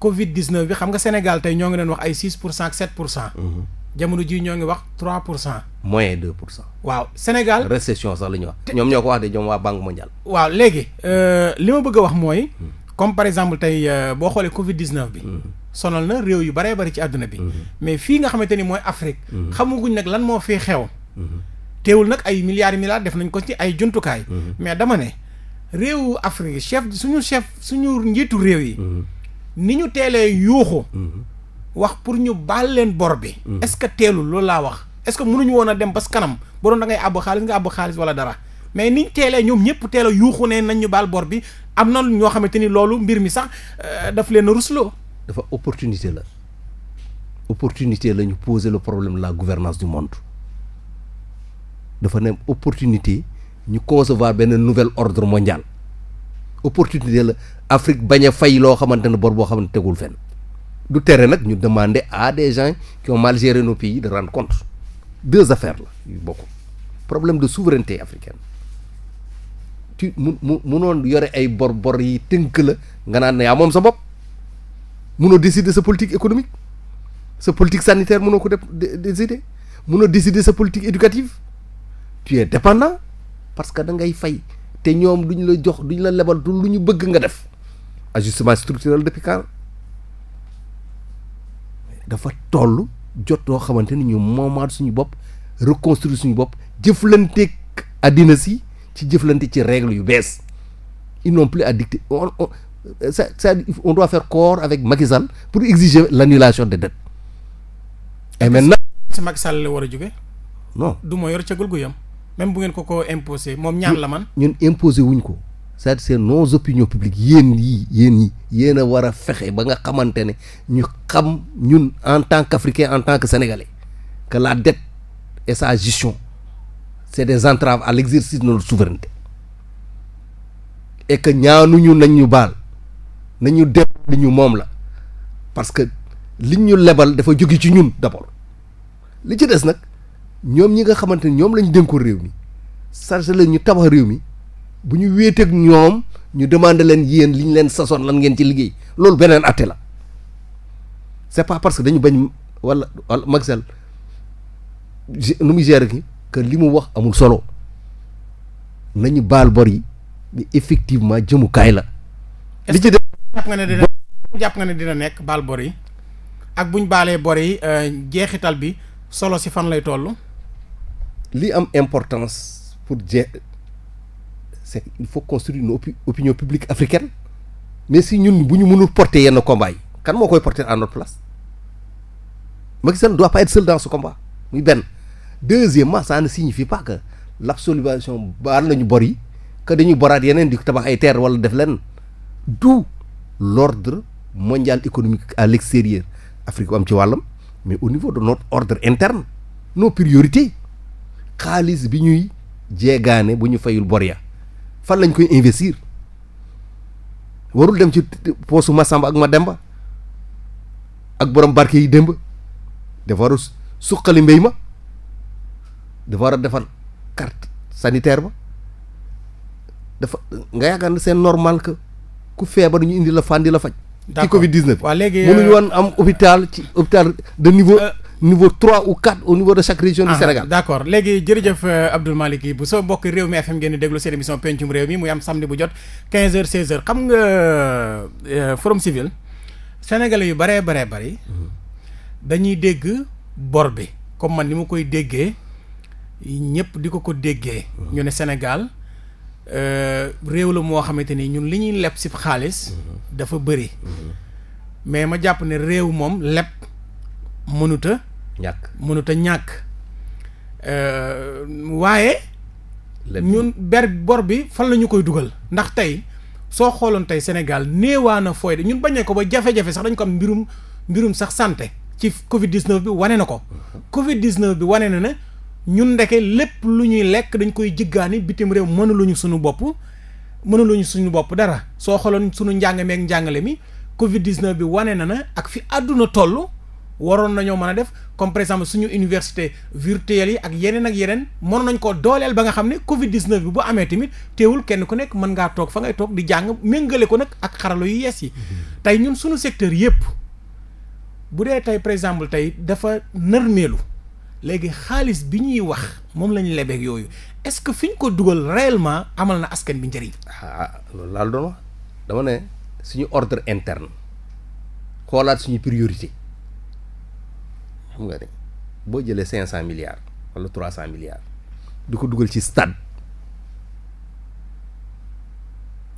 Covid 19 bi xam nga Sénégal tey ñoo ngi leen wax ay 6 pour cent ak pour cent. Mhm. jamono jii ñoo ngi wax 3 pour cent. moins 2 pour cent. waaw Sénégal récession sax la ñuy wax. ñoom ñoo ko wax de ñoom waa Banque mondiale. waaw léegi euh, li ma bëgg a wax mooy. comme par exemple tey euh, boo xoolee Covid 19 bi. sonal na réew yu baree bari ci àdduna bi. Mhm. mais fii nga xamante ni mooy Afrique. Mhm. xamaguñ nag lan moo fii xew. Mhm. teewul nag ay milliards milliards def nañ ko ci ay jumtukaay. mais dama ne réew réewu Afrique chef suñu chef suñu njiitu réew yi. ni ñu teelee yuuxu. wax pour ñu baal leen bor bi. est-ce que teelul loolu laa wax. est-ce que mënuñu woon a dem ba kanam bu doon da ngay àbb xaalis nga àbb xaalis wala dara mais niñ teelee ñoom ñëpp teel a yuuxu ne nañ ñu baal bor bi am na ñoo xamante ni loolu mbir mi sax euh, daf leen a rusloo. dafa opportunité la opportunité la ñu poser le problème de la gouvernance du monde dafa ne opportunité ñu concevoir benn nouvelle ordre mondiale opportunité la Afrique bañ a fay loo xamante ne bor boo xamante tegul fen du tere nag ñu demander à des gens qui ont mal géré nos pays de rendre compte deux affaires la yu bokk problème de souveraineté africaine tu mu mu munoon yore ay bor bor yi tënk la nga naan ne yaa moom sa bopp. munoo décider sa politique économique sa politique sanitaire munoo ko def décider munoo décider sa politique éducative tu es dépendant parce que da ngay fay te ñoom duñ la jox duñ la lebal du lu ñu bëgg nga def ajustement structurel depuis quand dafa toll jotoo xamante ni ñu moomaat suñu bopp reconstruire suñu bopp jëflanteeg addina si ci jëflante ci règle yu bees ils n'ont plus à dicter Euh, sa c'est on doit faire corps avec Macky pour exiger l'annulation des dettes et maintenant. si Macky Sall la war a jóge non du moo yor cëggal gu yam même bu ngeen ko ko imposé moom ñaan la man ñun imposé wuñ ko c'est-à-dire c'est nos opinions yéen yi yéen yi yéen a war a fexe ba nga xamante ne ñu xam ñun en tant qu'Africain en tant que Sénégalais que la dette et sa gestion c'est des entraves à l'exercice de souveraineté et que ñaanuñu nañ ñu baal nañu def li ñu moom la parce que liñ ñu lebal dafa jóge ci ñun d'abord li ci des nag ñoom ñi nga xamante ni ñoom lañu dénkoon réew mi chargé la ñu tabax réew mi bu ñu wéeteeg ñoom ñu demandé leen yéen li ñu leen sasoon lan ngeen ci liggéey loolu beneen atte la c'est pas parce que dañu bañ wala wala Macky Sall nu muy gérer gi que li mu wax amul solo nañu baal bor yi mais effectivement jëmukaay la li ci des jàpp nga ne dina jàpp nga ne dina nekk baal bori yi ak buñ baalee bori yi euh, jeexital bi solo si fan lay toll. li am importance pour je c'est il faut construire une opinion publique africaine mais si ñun bu ñu mënul porter yenn combat kan moo koy porter en notre place Macky Sall ne doit pas être seul dans ce combat muy benn deuxièmement ça ne signifie pas que l'absolvation baal nañu bor yi que dañuy boraat yeneen di tabax ay terre wala def lenn l'ordre mondial économique à l'extérieur Afrique am ci wàllam mais au niveau de notre ordre interne nos priorités xaalis bi ñuy jeegaane bu ñu fayul boria fan lañ koy investir warul dem ci poosu Masamba ak ma demba ak borom barke yi démb dafa war a suqali mbéy ma dafa war a defar carte sanitaire ba dafa nga yaakaar ne seen normal que ku feebar ñu indi la fan di la faj. ci Covid 19. waaw léegi mënuñu woon am euh, hôpital ci hôpital de niveau. Euh, niveau trois ou quatre au niveau de chaque région du ah, Sénégal d'accord léegi jërëjëf euh, Abdoul Malick bu soo mbokk réew mi FM ngeen di déglu seen émission pencum réew mi muy am samedi bu jot quinze heures seize heures xam nga forum civil sénégalais yu baree baree bari dañuy dégg bor bi comme man ni ma koy déggee ñëpp di ko ko déggee hmm. ñu ne Sénégal Euh, réew la moo xamante ni ñun li ñuy leb si xaalis dafa bëri mais ma jàpp ne réew moom leb mënuta ñàkk mënuta ñàkk euh, waaye ñun ber bor bi fan lañu koy dugal ndax tey soo xooloon tey Sénégal néewaa a fooy de ñun bañee ko ba jafe-jafe sax dañ ko am mbirum mbirum sax sante ci Covid 19 bi wane na ko mhm. Covid 19 bi wane na ne ñun ndeke lépp lu ñuy lekk dañ koy jiggaani bitim réew ñu suñu bopp mënuluñu suñu bopp dara soo xoloon suñu njàng njàngale mi covid 19 bi wane na na ak fi àdduna toll waroon nañoo mën a def comme par exemple suñu université virtuelle yi ak yeneen ak yeneen mën nañ ko dooleel ba nga xam ne covid 19 bi bu amee tamit teewul kenn ku nekk mën ngaa toog fa ngay toog di jàng méngale ko nag ak xarala yu yees yi mm-hmm. tey ñun suñu secteur yépp bu dee tey par exemple tey dafa nërmeelu léegi xaalis bi ñuy wax moom lañ lebeeg yooyu est-ce que fi ñu ko dugal réellement amal na askan bi njëriñ. Ah, loolu laal doon wax dama ne suñu ordre interne xoolaat suñu priorité xam nga ne boo jëlee cinq cent milliards wala trois cent milliards di ko dugal ci stade.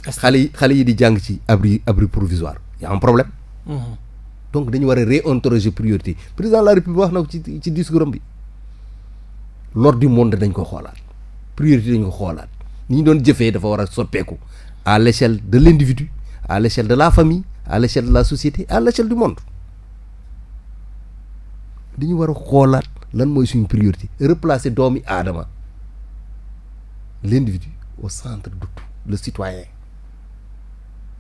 xale yi xale yi di jàng ci abri abri provisoire y a problème. Mhm. donc dañu war a réinterroger priorité président de la wax na ko ci ci discours bi l'ordre du monde dañ koy xoolaat priorité dañ ko xoolaat ni ñu doon jëfee dafa war a soppeeku à l'échelle de l'individu à l'échelle de la famille à l'échelle de la société à l'échelle du monde dañu war a xoolaat lan mooy suñu priorité replacer doomi aadama l'individu au centre de tout le citoyen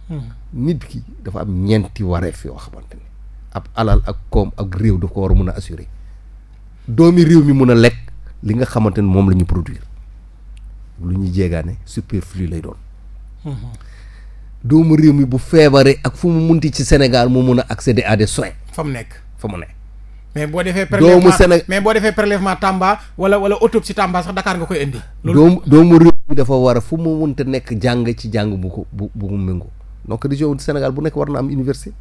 hmm. nit ki dafa am ñeenti wareef yoo xamante ne ab alal ak koom ak réew daf ko war a mun a assurer doomi réew mi mun a lekk li nga xamante ne moom la ñu produire lu ñu jéegaane superflu lay doon. doomu réew mi bu feebaree ak fu mu mun munti ci Sénégal mu mun a accéder à des soins. fa mu nekk fa mu nekk. mais boo defee prélèvement mais boo defee prélèvement Tamba wala wala autopsie Tamba sax Dakar nga koy indi. loolu doomu réew mi dafa war a fu mu munte nekk jàng ci jàng bu ko bu bu mu méngoo donc région du Sénégal bu nekk war na am université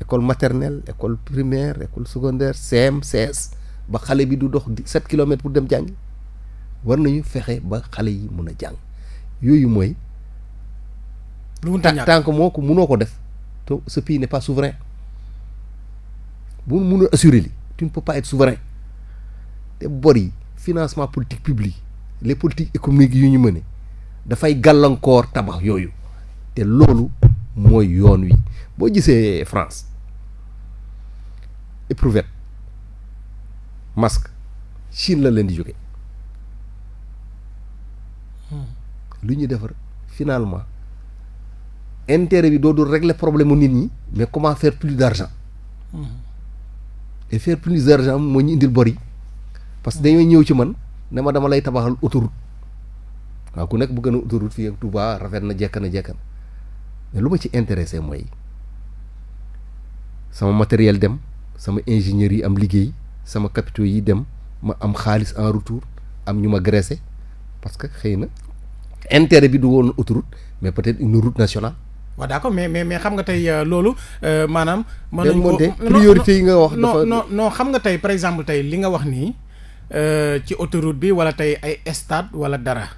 école maternelle école primaire école secondaire CM CS. ba xale bi du dox sept kilomètres pour dem jàng war nañu fexe ba xale yi mun a jàng yooyu mooy. lu tant que moo ko mënoo ko def te ce pays n'est pas souverain bu munul assurer li tu ne peux pas être souverain te bor yi financement politique publique les politiques économiques yu ñu mëne dafay gàllankoor tabax yooyu te loolu mooy yoon wi boo gisee France éprouvette masque Chine la leen di jóge lu ñuy defar finalement intérêt bi doo dul régler problème mu nit ñi mais comment faire plus d'argent et faire plus d'argent moo ñu indil bori yi parce que dañoo ñëw ci man ne ma dama lay tabaxal autoroute waaw ku nekk bu gën a autoroute fii ak Touba rafet na jekk na jekk na mais lu ma ci intéressé mooy sama matériel dem sama ingénieur yi am liggéey sama capitaux yi dem ma am xaalis en retour am ñu ma graissé parce que xëy na intérêt bi du woon autoroute mais peut-être une route nationale. waaw d'accord mais mais mais xam nga tey euh, loolu euh, maanaam. mën nañu ko priorité yi nga wax. noo non non xam nga tey par exemple tey li nga wax nii euh, ci autoroute bi wala tey ay stade wala dara.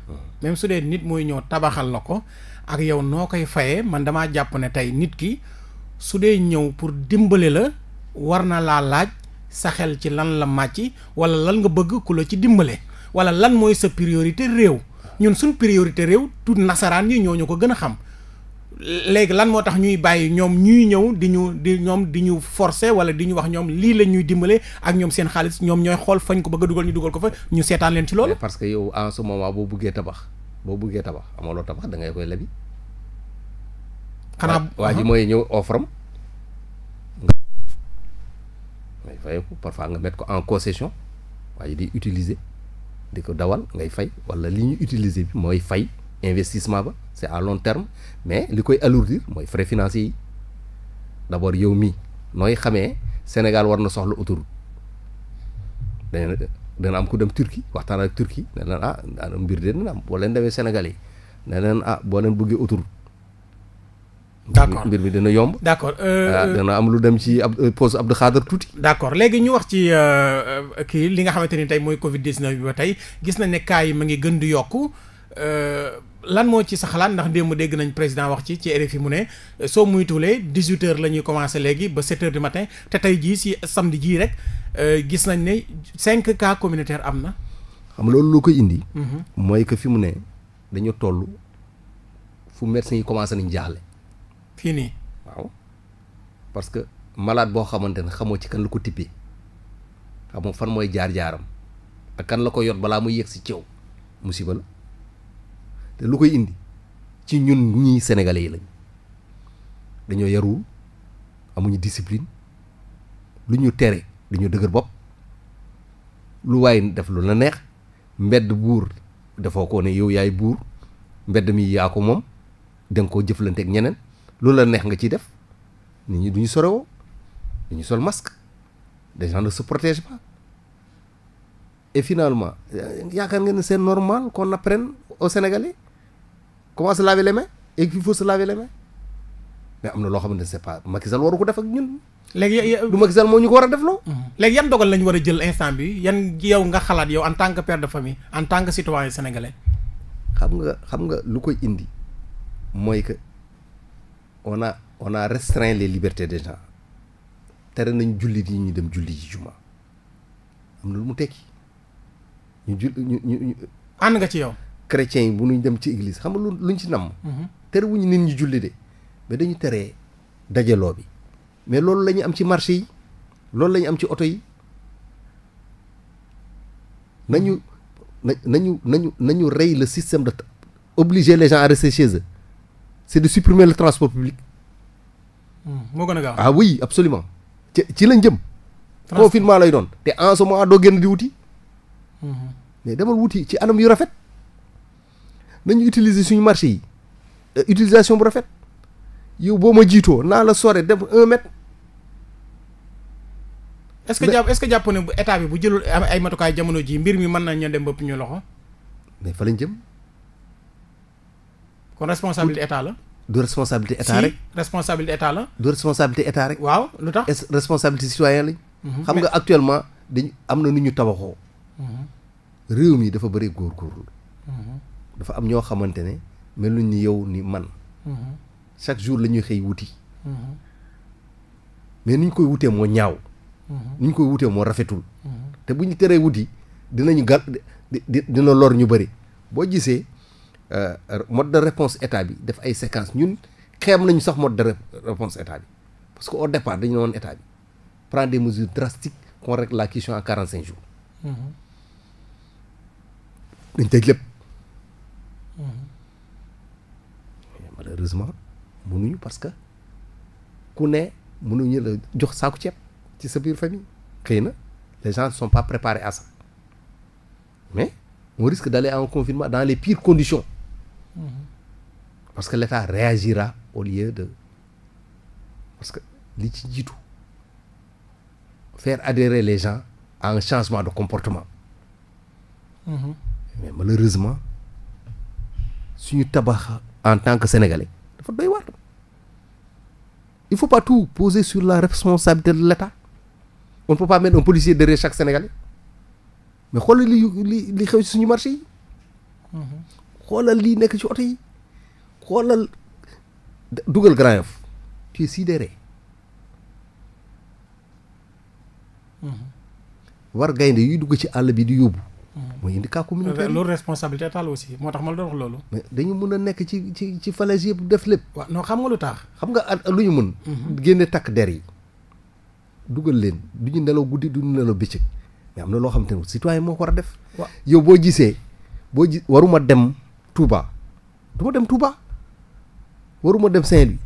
même su dee nit mooy ñëw tabaxal la ko ak yow noo koy fayee man damaa jàpp ne tey nit ki su dee ñëw pour dimbale la war na laa laaj. sa xel ci lan la màcc wala lan nga bëgg ku ci dimbale wala lan mooy sa priorité réew ñun suñ priorité réew tout nasaraan yi ñoo ñu ko gën a xam léegi lan moo tax ñuy bàyyi ñoom ñuy ñëw di ñu di ñoom di ñu forcer wala di ñu wax ñoom lii la ñuy dimbale ak ñoom seen xaalis ñoom ñooy xool fañ ko bëgg a dugal ñu dugal ko fa ñu seetaan leen ci lool parce que yow en ce moment boo buggee tabax boo buggee tabax amaloo tabax da ngay koy lebi. xanaa waa ji mooy ñëw offre ngay fayeku parfois nga mettre ko en concession waaye di utiliser di ko dawal ngay fay wala li ñu utiliser bi mooy fay investissement ba c'est à long terme mais li koy alourdir mooy frais financiers yi d'abord yow mi nooy xamee Sénégal war na soxla autoroute dana dana am ku dem Turquie waxtaan ak Turquie ne leen ah mbir de dina am boo leen demee Sénégal yi ne leen ah boo leen bëggee autoroute d'accord mbir mi dina yomb. d'accord euh, ah, euh, dana am lu dem ci ab euh, pause Abdou Khader tuuti. d'accord léegi ñu wax ci kii li nga xamante ni tey mooy Covid 19 bi ba tey gis nañ ne cas yi ma ngi gën di yokku lan moo ci sa xalaat ndax démb dégg nañ président wax ci ci RFI mu ne soo muytuulee 18 la ñuy commencé léegi ba 7 heures du te tey jii si samedi jii rek gis nañ ne 5 cas communautaire am na. xam loolu lu ko indi. Mhm. mooy que fi mu ne dañu toll fu médecins yi commencé nañ jaaxle. fii nii waaw parce que malaat boo xamante ne xamoo ci kan la ko tibbee xamoo fan mooy jaar-jaaram ak kan la ko yot balaa muy yegg ci ceew musiba la te lu koy indi ci ñun ñii sénégalais yi lañ dañoo yaruwul amuñu discipline lu ñu tere dañoo dëgër bopp lu waay def lu la neex mbedd buur dafoo ko ne yow yaay buur mbedd mi yaa ko moom da nga koo jëflanteeg ñeneen loolu la neex nga ciy def nit ñi duñu ñu sorewoo du ñu sol masque les gens ne se protègent pas et finalement yaakaar ngeen ne c'est normal qu'on apprenne aux Sénégalais comment se laver les mains et qu'il faut se laver les mains am na loo xam ne c'est pas Macky Sall waru ko def ak ñun. léegi du Macky Sall moo ñu ko war a def loo. Mhm. léegi yan dogal lañu war a jël instant bi yan yow nga xalaat yow en tant que père de famille en tant que citoyen sénégalais. xam nga xam nga lu koy indi mooy que. on a on a les libertés des gens tere nañ jullit yi ñu dem julli ji juma am na lu mu tekki ñu ju ñu ñu. ànd nga ci yow. chrétiens yi bu ñu dem ci église xam nga lu luñ ci nam namm. Mhm. terewuñu nit ñi julli de mais dañu teree dajaloo bi mais loolu lañu am ci marché yi loolu la am ci oto yi nañu nañu nañu nañu rey le système de obliger les gens à rester c'est de supprimer le transport public. Hmm, moo a gaaw ah oui absolument ci lañ jëm. confinement lay doon te en ce doo génn di wuti. Hmm. mais demal wuti ci anam yu rafet nañu utiliser suñu marché yi euh, utilisation bu rafet yow boo ma jiitoo naa la sore def un mètre. est ce que jàpp est ce que jàpp ne bu état bi bu jëlul ay matukaay jamono jii mbir mi mën nañ ñoo dem bëpp ñu loxo. mais fa lañ jëm. kon responsabilité état la. du responsabilité état rek si responsabilité état la. du responsabilité état rek. waaw lu tax responsabilité citoyen lañ. Mhm. xam nga actuellement dañ am na nu ñu tabaxoo. Mhm. réew mi dafa bëri góorgóorlu. Mhm. dafa am ñoo xamante ne mel lu ñu yow ni man. chaque jour la ñuy xëy wuti. mais ni ñu koy wutee moo ñaaw. ni ñu koy wutee moo rafetul. te bu ñu teree wuti dinañu gar dina lor ñu bëri boo gisee. Euh, mode de réponse état bi def ay séquence ñun xeeb nañu sax mode de réponse état bi parce que au départ dañu ne woon état bi prend des mesures drastiques qu'on la question en quarante cinq jours mm-hmm. dañ tëj lépp mm-hmm. malheureusement mënuñu parce que ku ne mënuñu la jox saaku ceeb ci sa biir famille xëy na les gens ne sont pas préparés à ça mais on risque d'aller en confinement dans les pires conditions parce que l'État réagira au lieu de parce que li ci jiitu faire adhérer les gens en changement de comportement mmh. mais malheureusement suñu tabax en tant que sénégalais dafa doy waar il faut pas tout poser sur la responsabilité de l'État on ne peut pas mettre un policier derrière chaque sénégalais mais xoolal li li li xew ci suñu marché yi mm-hmm. xoolal lii nekk ci oto yi xoolal dugal Grand Yoff tu es sidéré mhm. war gaynde yuy dugg ci àll bi di yóbbu. Mhm. mooy indi cas communautaire loolu responsabilité état la aussi moo tax ma la doon wax loolu. a nekk ci ci ci falaise yëpp def lépp. waaw non xam nga lu taax xam nga at lu ñu mën mhm. génne takk der yi. dugal leen du ñu nelaw guddi du ñu nelaw bëccëg mais am na loo xam te ne citoyen moo ko war a def. yow boo gisee boo gis waruma dem Touba du ma dem Touba. waruma dem Saint-Louis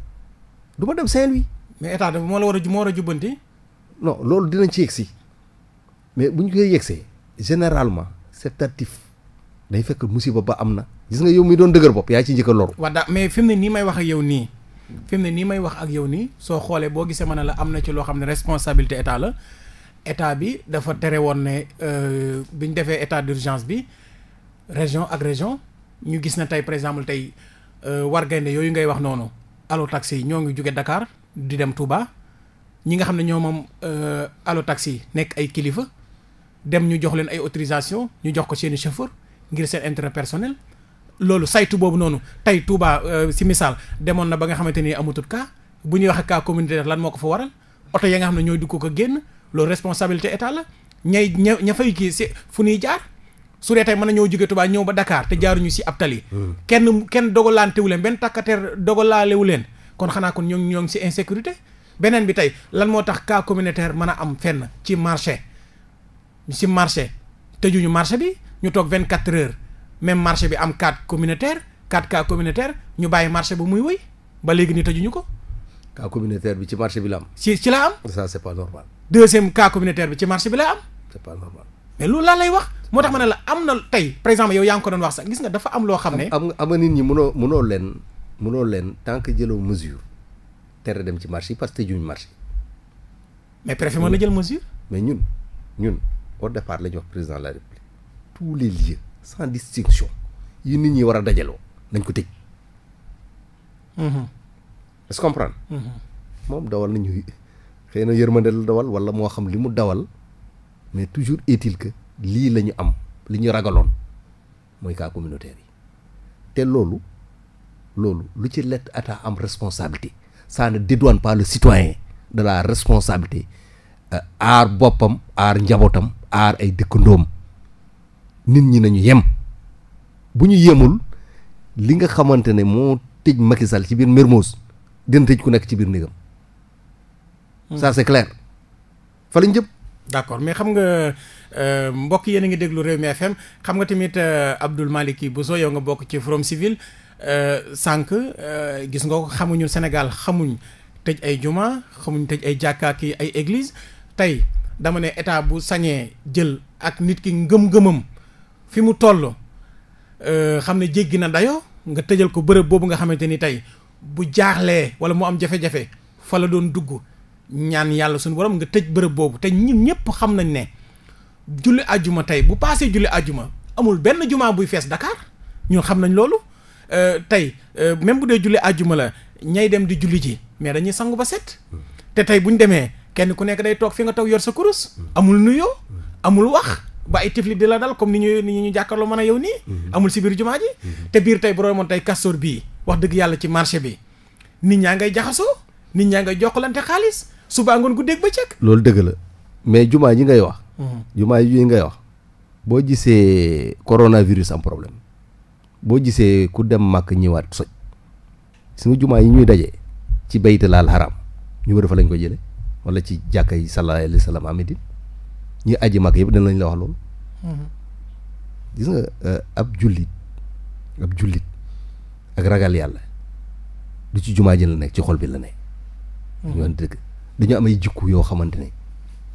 du ma dem Saint-Louis. mais état dafa moo la war a moo war a jubbanti. non loolu dinañ ci yegsi mais bu ñu koy yegsee généralement c'est tardif day fekk musiba ba am na gis nga yow mi doon dëgër bopp yaa ci njëkk a loru. waaw daa mais fi mu ne nii may wax ak yow nii. fi mu ne nii may wax ak yow nii soo xoolee boo gisee ma ne la am na ci loo xam ne responsabilité état la état bi dafa tere woon ne euh, bi ñu defee état d'urgence bi région ak région ñu gis na tey par exemple tey. Euh, war Gaynde yooyu ngay wax noonu allo taxi yi ñoo ngi jóge dakaar di dem Touba ñi nga xam ne ñoo moom euh, allo taxi nekk ay kilifa dem ñu jox leen ay autorisation ñu jox ko seeni chauffeur ngir seen intérêt personnel loolu saytu boobu noonu tey Touba euh, si misaal demoon na ba nga xamante ni amatul cas bu ñuy wax cas communautaire lan moo ko fa waral oto ya nga xam ne ñooy dugg ko ko génn loolu responsabilité état la ñay ña ña fay kii si fu ñuy jaar su dee tey mën na ñëw jóge Touba ñëw ba Dakar te jaaruñu si ab tali hmm. kenn kenn dogalantewu leen benn takkateer dogalaalewu leen kon xanaa kon ñoo ngi ñoo ngi si insécurité beneen bi tey lan moo tax cas communautaire mën a am fenn ci marché si marché tëjuñu marché bi ñu toog vingt quatre heures même marché bi am cas communautaire quatre cas communautaire ñu bàyyi marché bu muy wëy ba léegi ni tëjuñu ko cas communautaire bi ci marché bi la am si ci la am ça deuxième cas communautaire bi ci marché bi la am c'est pas normal wax moo tax ma ne la am na tey par exemple yow yaa ngi ko doon wax sax gis nga dafa am loo xam ne. am am nit ñi mënoo mënoo leen mënoo leen tan que jëloo mesure tere dem ci marché parce que tëjuñ marché. mais préfet mën na jël mesure. mais ñun ñun au départ la ñu wax président la république tous les lieux sans distinction yi nit ñi war a dajaloo nañ ko tëj. Mm-hmm. est-ce comprendre. Mm-hmm. moom dawal nañu xëy na yërmande la dawal wala moo xam li mu dawal mais toujours est-il lii lañu am li ñu ragaloon mooy cas communautaire yi te loolu loolu lu ci lett état am responsabilité ça ne dédouane pas le citoyen de la responsabilité euh, aar boppam aar njabootam aar ay dëkkandoom nit ñi nañu yem bu ñu yemul li nga xamante ne moo tëj Macky ci biir Mermoz dina tëj ku nekk ci biir néegam ça hmm. c'est clair fa lañ d'accord mais xam nga Euh, mbokk yéen a ngi déglu Rewmi FM xam nga tamit euh, Abdoul Malick Bousso yow nga bokk ci Forum Civil euh, sànq gis nga ko xamuñu senegal xamuñ tëj ay juma xamuñ tëj ay jàkkaak yi ay église tey dama ne état bu sañee jël ak nit ki ngëm-ngëmam fi mu toll xam ne jéggi na dayo nga tëjal ko bërëb boobu nga xamante ni tey bu jaaxlee wala mu am jafe-jafe fa la doon dugg ñaan yàlla suñu borom nga tëj bërëb boobu te ñun ñëpp xam nañ ne julli ajjuma tey bu paasee julli ajjuma amul benn jumaa buy fees Dakar ñun xam nañ loolu euh, tey euh, même bu dee julli ajjuma la ñay dem di julli ji mais dañuy sangu ba set te tey bu ñu demee kenn ku nekk day toog fi nga taw yor sa kurus amul nuyoo amul wax ba ay tifli di la dal comme ni ñu ni ñu jàkkaarloo mën a yow nii amul si biir jumaa ji te biir tey boroo moon tey kastoor bii wax dëgg yàlla ci marché bi nit ñaa ngay jaxasoo nit ñaa ngay jokkalante xaalis subaa ngoon guddeeg bëccëg loolu dëgg la mais jumaa ji ngay wax jumaa mm-hmm. yi ngay wax boo gisee coronavirus am problème boo gisee ku dem màkk ñëwaat soj su jumaa yi ñuy daje ci bayte laal xaraam ñu war fa lañ ko jële wala ci jàkka yi sallallahu alayhi wa sallam amidin ñi aji màkk yëpp dinañ la wax loolu mm-hmm. gis nga uh, ab jullit ab jullit ak ragal yàlla du ci jumaa jël la nekk ci xol bi la nekk mm-hmm. dañu am ay jikku yoo xamante ne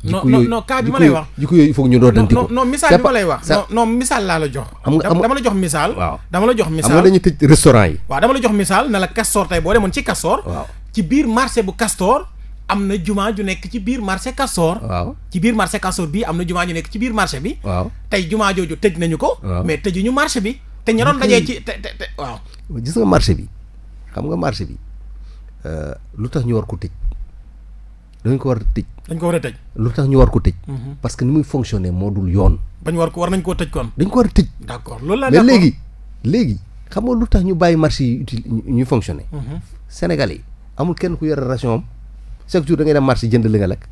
non non non cas bi wax jikko yooyu il faut ñu dootanti ko non misaal bi ma lay wax non misaal laa la jox xam nga dama la jox misaal waaw dama la jox misaal xam nga dañuy tëj restaurant yi jox misaal na la Castor tey boo demoon ci Castor ci biir marché bu Castor am na jumaa ju nekk ci biir marché Castor waaw ci biir marché Castor bii am na jumaa ju nekk ci biir marché bi waaw tey jumaa jooju tëj nañu ko mais ñu marché bi te ña doon dajee ci te te waaw gis nga marché bi xam nga marché bi euh, lu tax ñu war ko tëj dañ ko war tëj dañ ko war a tëj. lu tax ñu war ko tëj. Mhm. parce que ni muy fonctionner moo dul yoon. bañ war ko war nañ koo tëj kon. dañ ko war a tëj. d' accord loolu laa mais léegi léegi xam nga lu tax ñu bàyyi marché yi utile ñuy fonctionner. Mhm. Sénégal yi amul kenn ku yore ration chaque jour da ngay dem marché jënd li nga lekk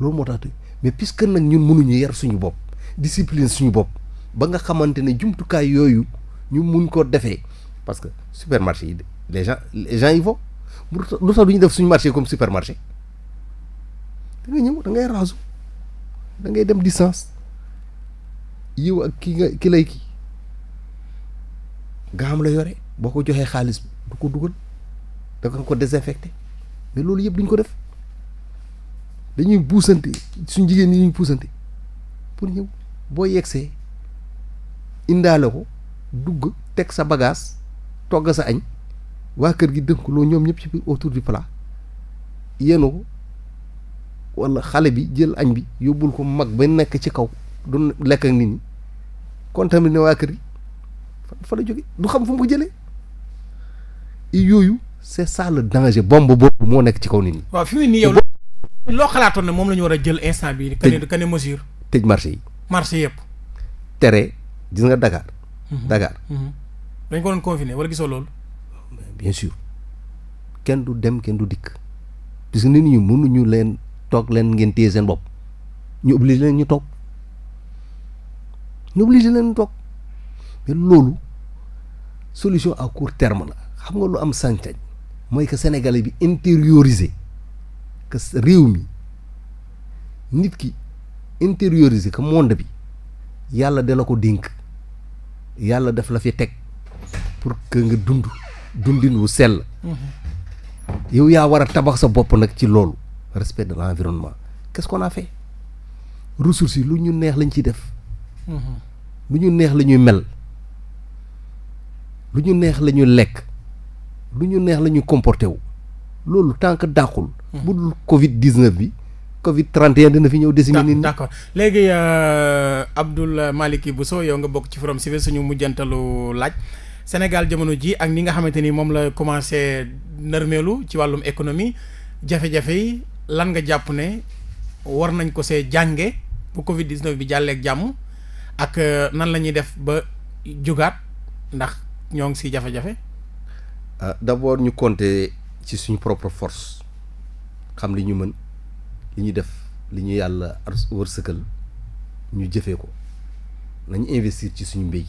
loolu moo tax tëj mais puisque nag ñun mënuñu yar suñu bopp discipline suñu bopp ba nga xamante ne jumtukaay yooyu ñu mun ko defee parce que supermarché yi les gens les gens y vont lu ñu def suñu marché comme supermarché. da ngay da ngay rasu da ngay dem distance yiw ak ki nga ki lay kii nga xam la yore boo ko joxee xaalis bi du ko dugal da nga ko désinfecté mais loolu yëpp duñ ko def dañuy puusante suñ jigéen ñi ñuy puusante pour ñëw boo yegsee indaale ko dugg teg sa bagage togg sa añ waa kër gi dënk loo ñoom ñëpp ci biir autour du plat yéen ko wala xale bi jël añ bi yóbbul ko mag ba nekk ci kaw du lekk ak nit ñi contaminé waa kër yi fa la jóge du xam fu mu ko jëlee yooyu c'est ça le danger bombe boobu moo nekk ci kaw nit ñi. nii yow loo xalaatoon na moom la ñu war a jël instant bi tëj ka ne mesure. tëj marché yi. marché yëpp. tere gis nga Dakar. Mhm. Dakar. Mhm. ko doon confiné wala gisoo loolu. bien sûr kenn du dem kenn du dikk parce nit ñi mënuñu leen. toog leen ngeen téye seen bopp ñu obligé leen ñu toog ñu obligé leen ñu toog mais loolu solution à court terme la xam nga lu am sañ mooy que sénégalais bi intériorisé que réew mi nit ki intériorisé que monde bi yàlla de la ko dénk yàlla def la fi teg pour que nga dund dundin wu sell mm-hmm. yow yaa war a tabax sa bopp nag ci loolu respect de l'environnement qu'est-ce qu'on a fait ressources yi lu ñu neex lañ ciy def lu ñu neex la ñuy mel lu ñu neex la ñuy lekk lu ñu neex la ñuy comporté wu loolu tant que dàqul hmm. bu dul covid 19 bi covid 31 dina fi ñëw désigné nit ñi d'accord léegi euh, Abdoul Malick Bousso yow nga bokk ci Forum Civil suñu mujjantalu laaj Sénégal jamono ji ak ni nga xamante ni moom la commencé nërmeelu ci wàllum économie jafe-jafe yi lan nga jàpp ne war nañ ko see jànge bu Covid 19 bi jàlleek jàmm ak euh, nan la ñuy def ba jógaat ndax ñoo ngi si jafe-jafe. Euh, d'abord ñu compter ci suñu propre force xam li ñu mën li ñu def li ñu yàlla wërsëgal ñu jëfee ko nañu investir ci suñu mbéy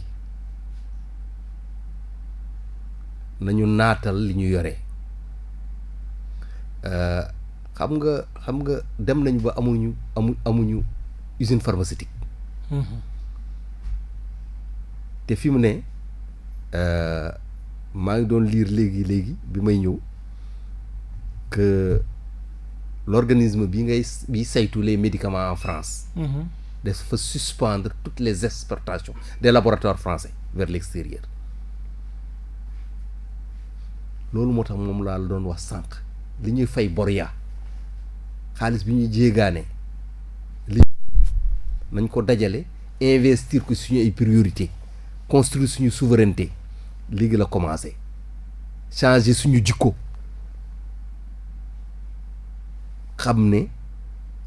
nañu naatal li ñu yore. Euh, xam nga xam nga dem nañu ba amuñu amu amuñu usine pharmaceutique mhm. te fi mu ne euh, maa ngi doon liir léegi léegi bi may ñëw que l'organisme bi ngay bi saytu les médicaments en France mhm. dafa suspendre toutes les exportations des laboratoires français vers l'extérieur loolu moo tax moom laa la doon wax sànq li ñuy fay boria xaalis bi ñuy jéegaane li nañ ko dajale investir ko suñu ay priorité construire suñu souveraineté léegi la commencé changer suñu jikko xam ne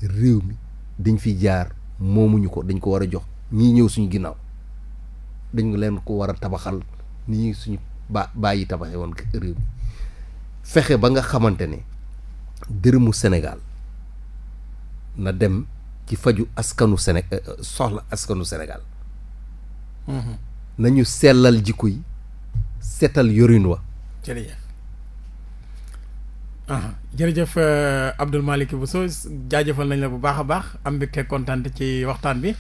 réew mi dañ fi jaar moomuñu ko dañ ko war a jox ñii ñëw suñu ginnaaw dañ leen ko war a tabaxal ni ñuy suñu bàyyi tabaxee woon réew mi fexe ba nga xamante ne dërëmu Sénégal na dem ci faju askanu Séné euh, euh, soxla askanu Sénégal mhm. nañu sellal jikko yi seetal yorin wa jërëjëf ah jërëjëf euh, Abdou Malick Bousso jaajëfal nañ la bu baax a baax am mbégte kontaan ci waxtaan bi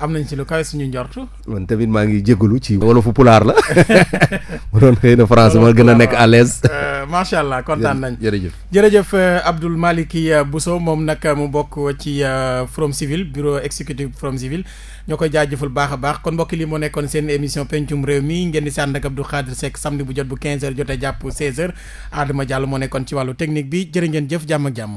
am nañ ci lu kawe suñu njort. man tamit maa ngi jégalu ci. wolofu pulaar la mu doon xëy na français ma gën a nekk à l'aise. Euh, macha allah kontaan nañ jërëjëf. jërëjëf euh, Abdoul Maliki euh, Bousso moom nag mu bokk ci Forum Civil bureau exécutif Forum Civil ñoo koy jaajëfal baax a baax kon mbokki li moo nekkoon seen émission pencum réew mi ngeen di sànd ak Abdou Khadre Seck samedi bu jot bu 15h jotee jàpp 16h Adama Diallo moo nekkoon ci wàllu technique bi jërë ngeen jëf jàmm ak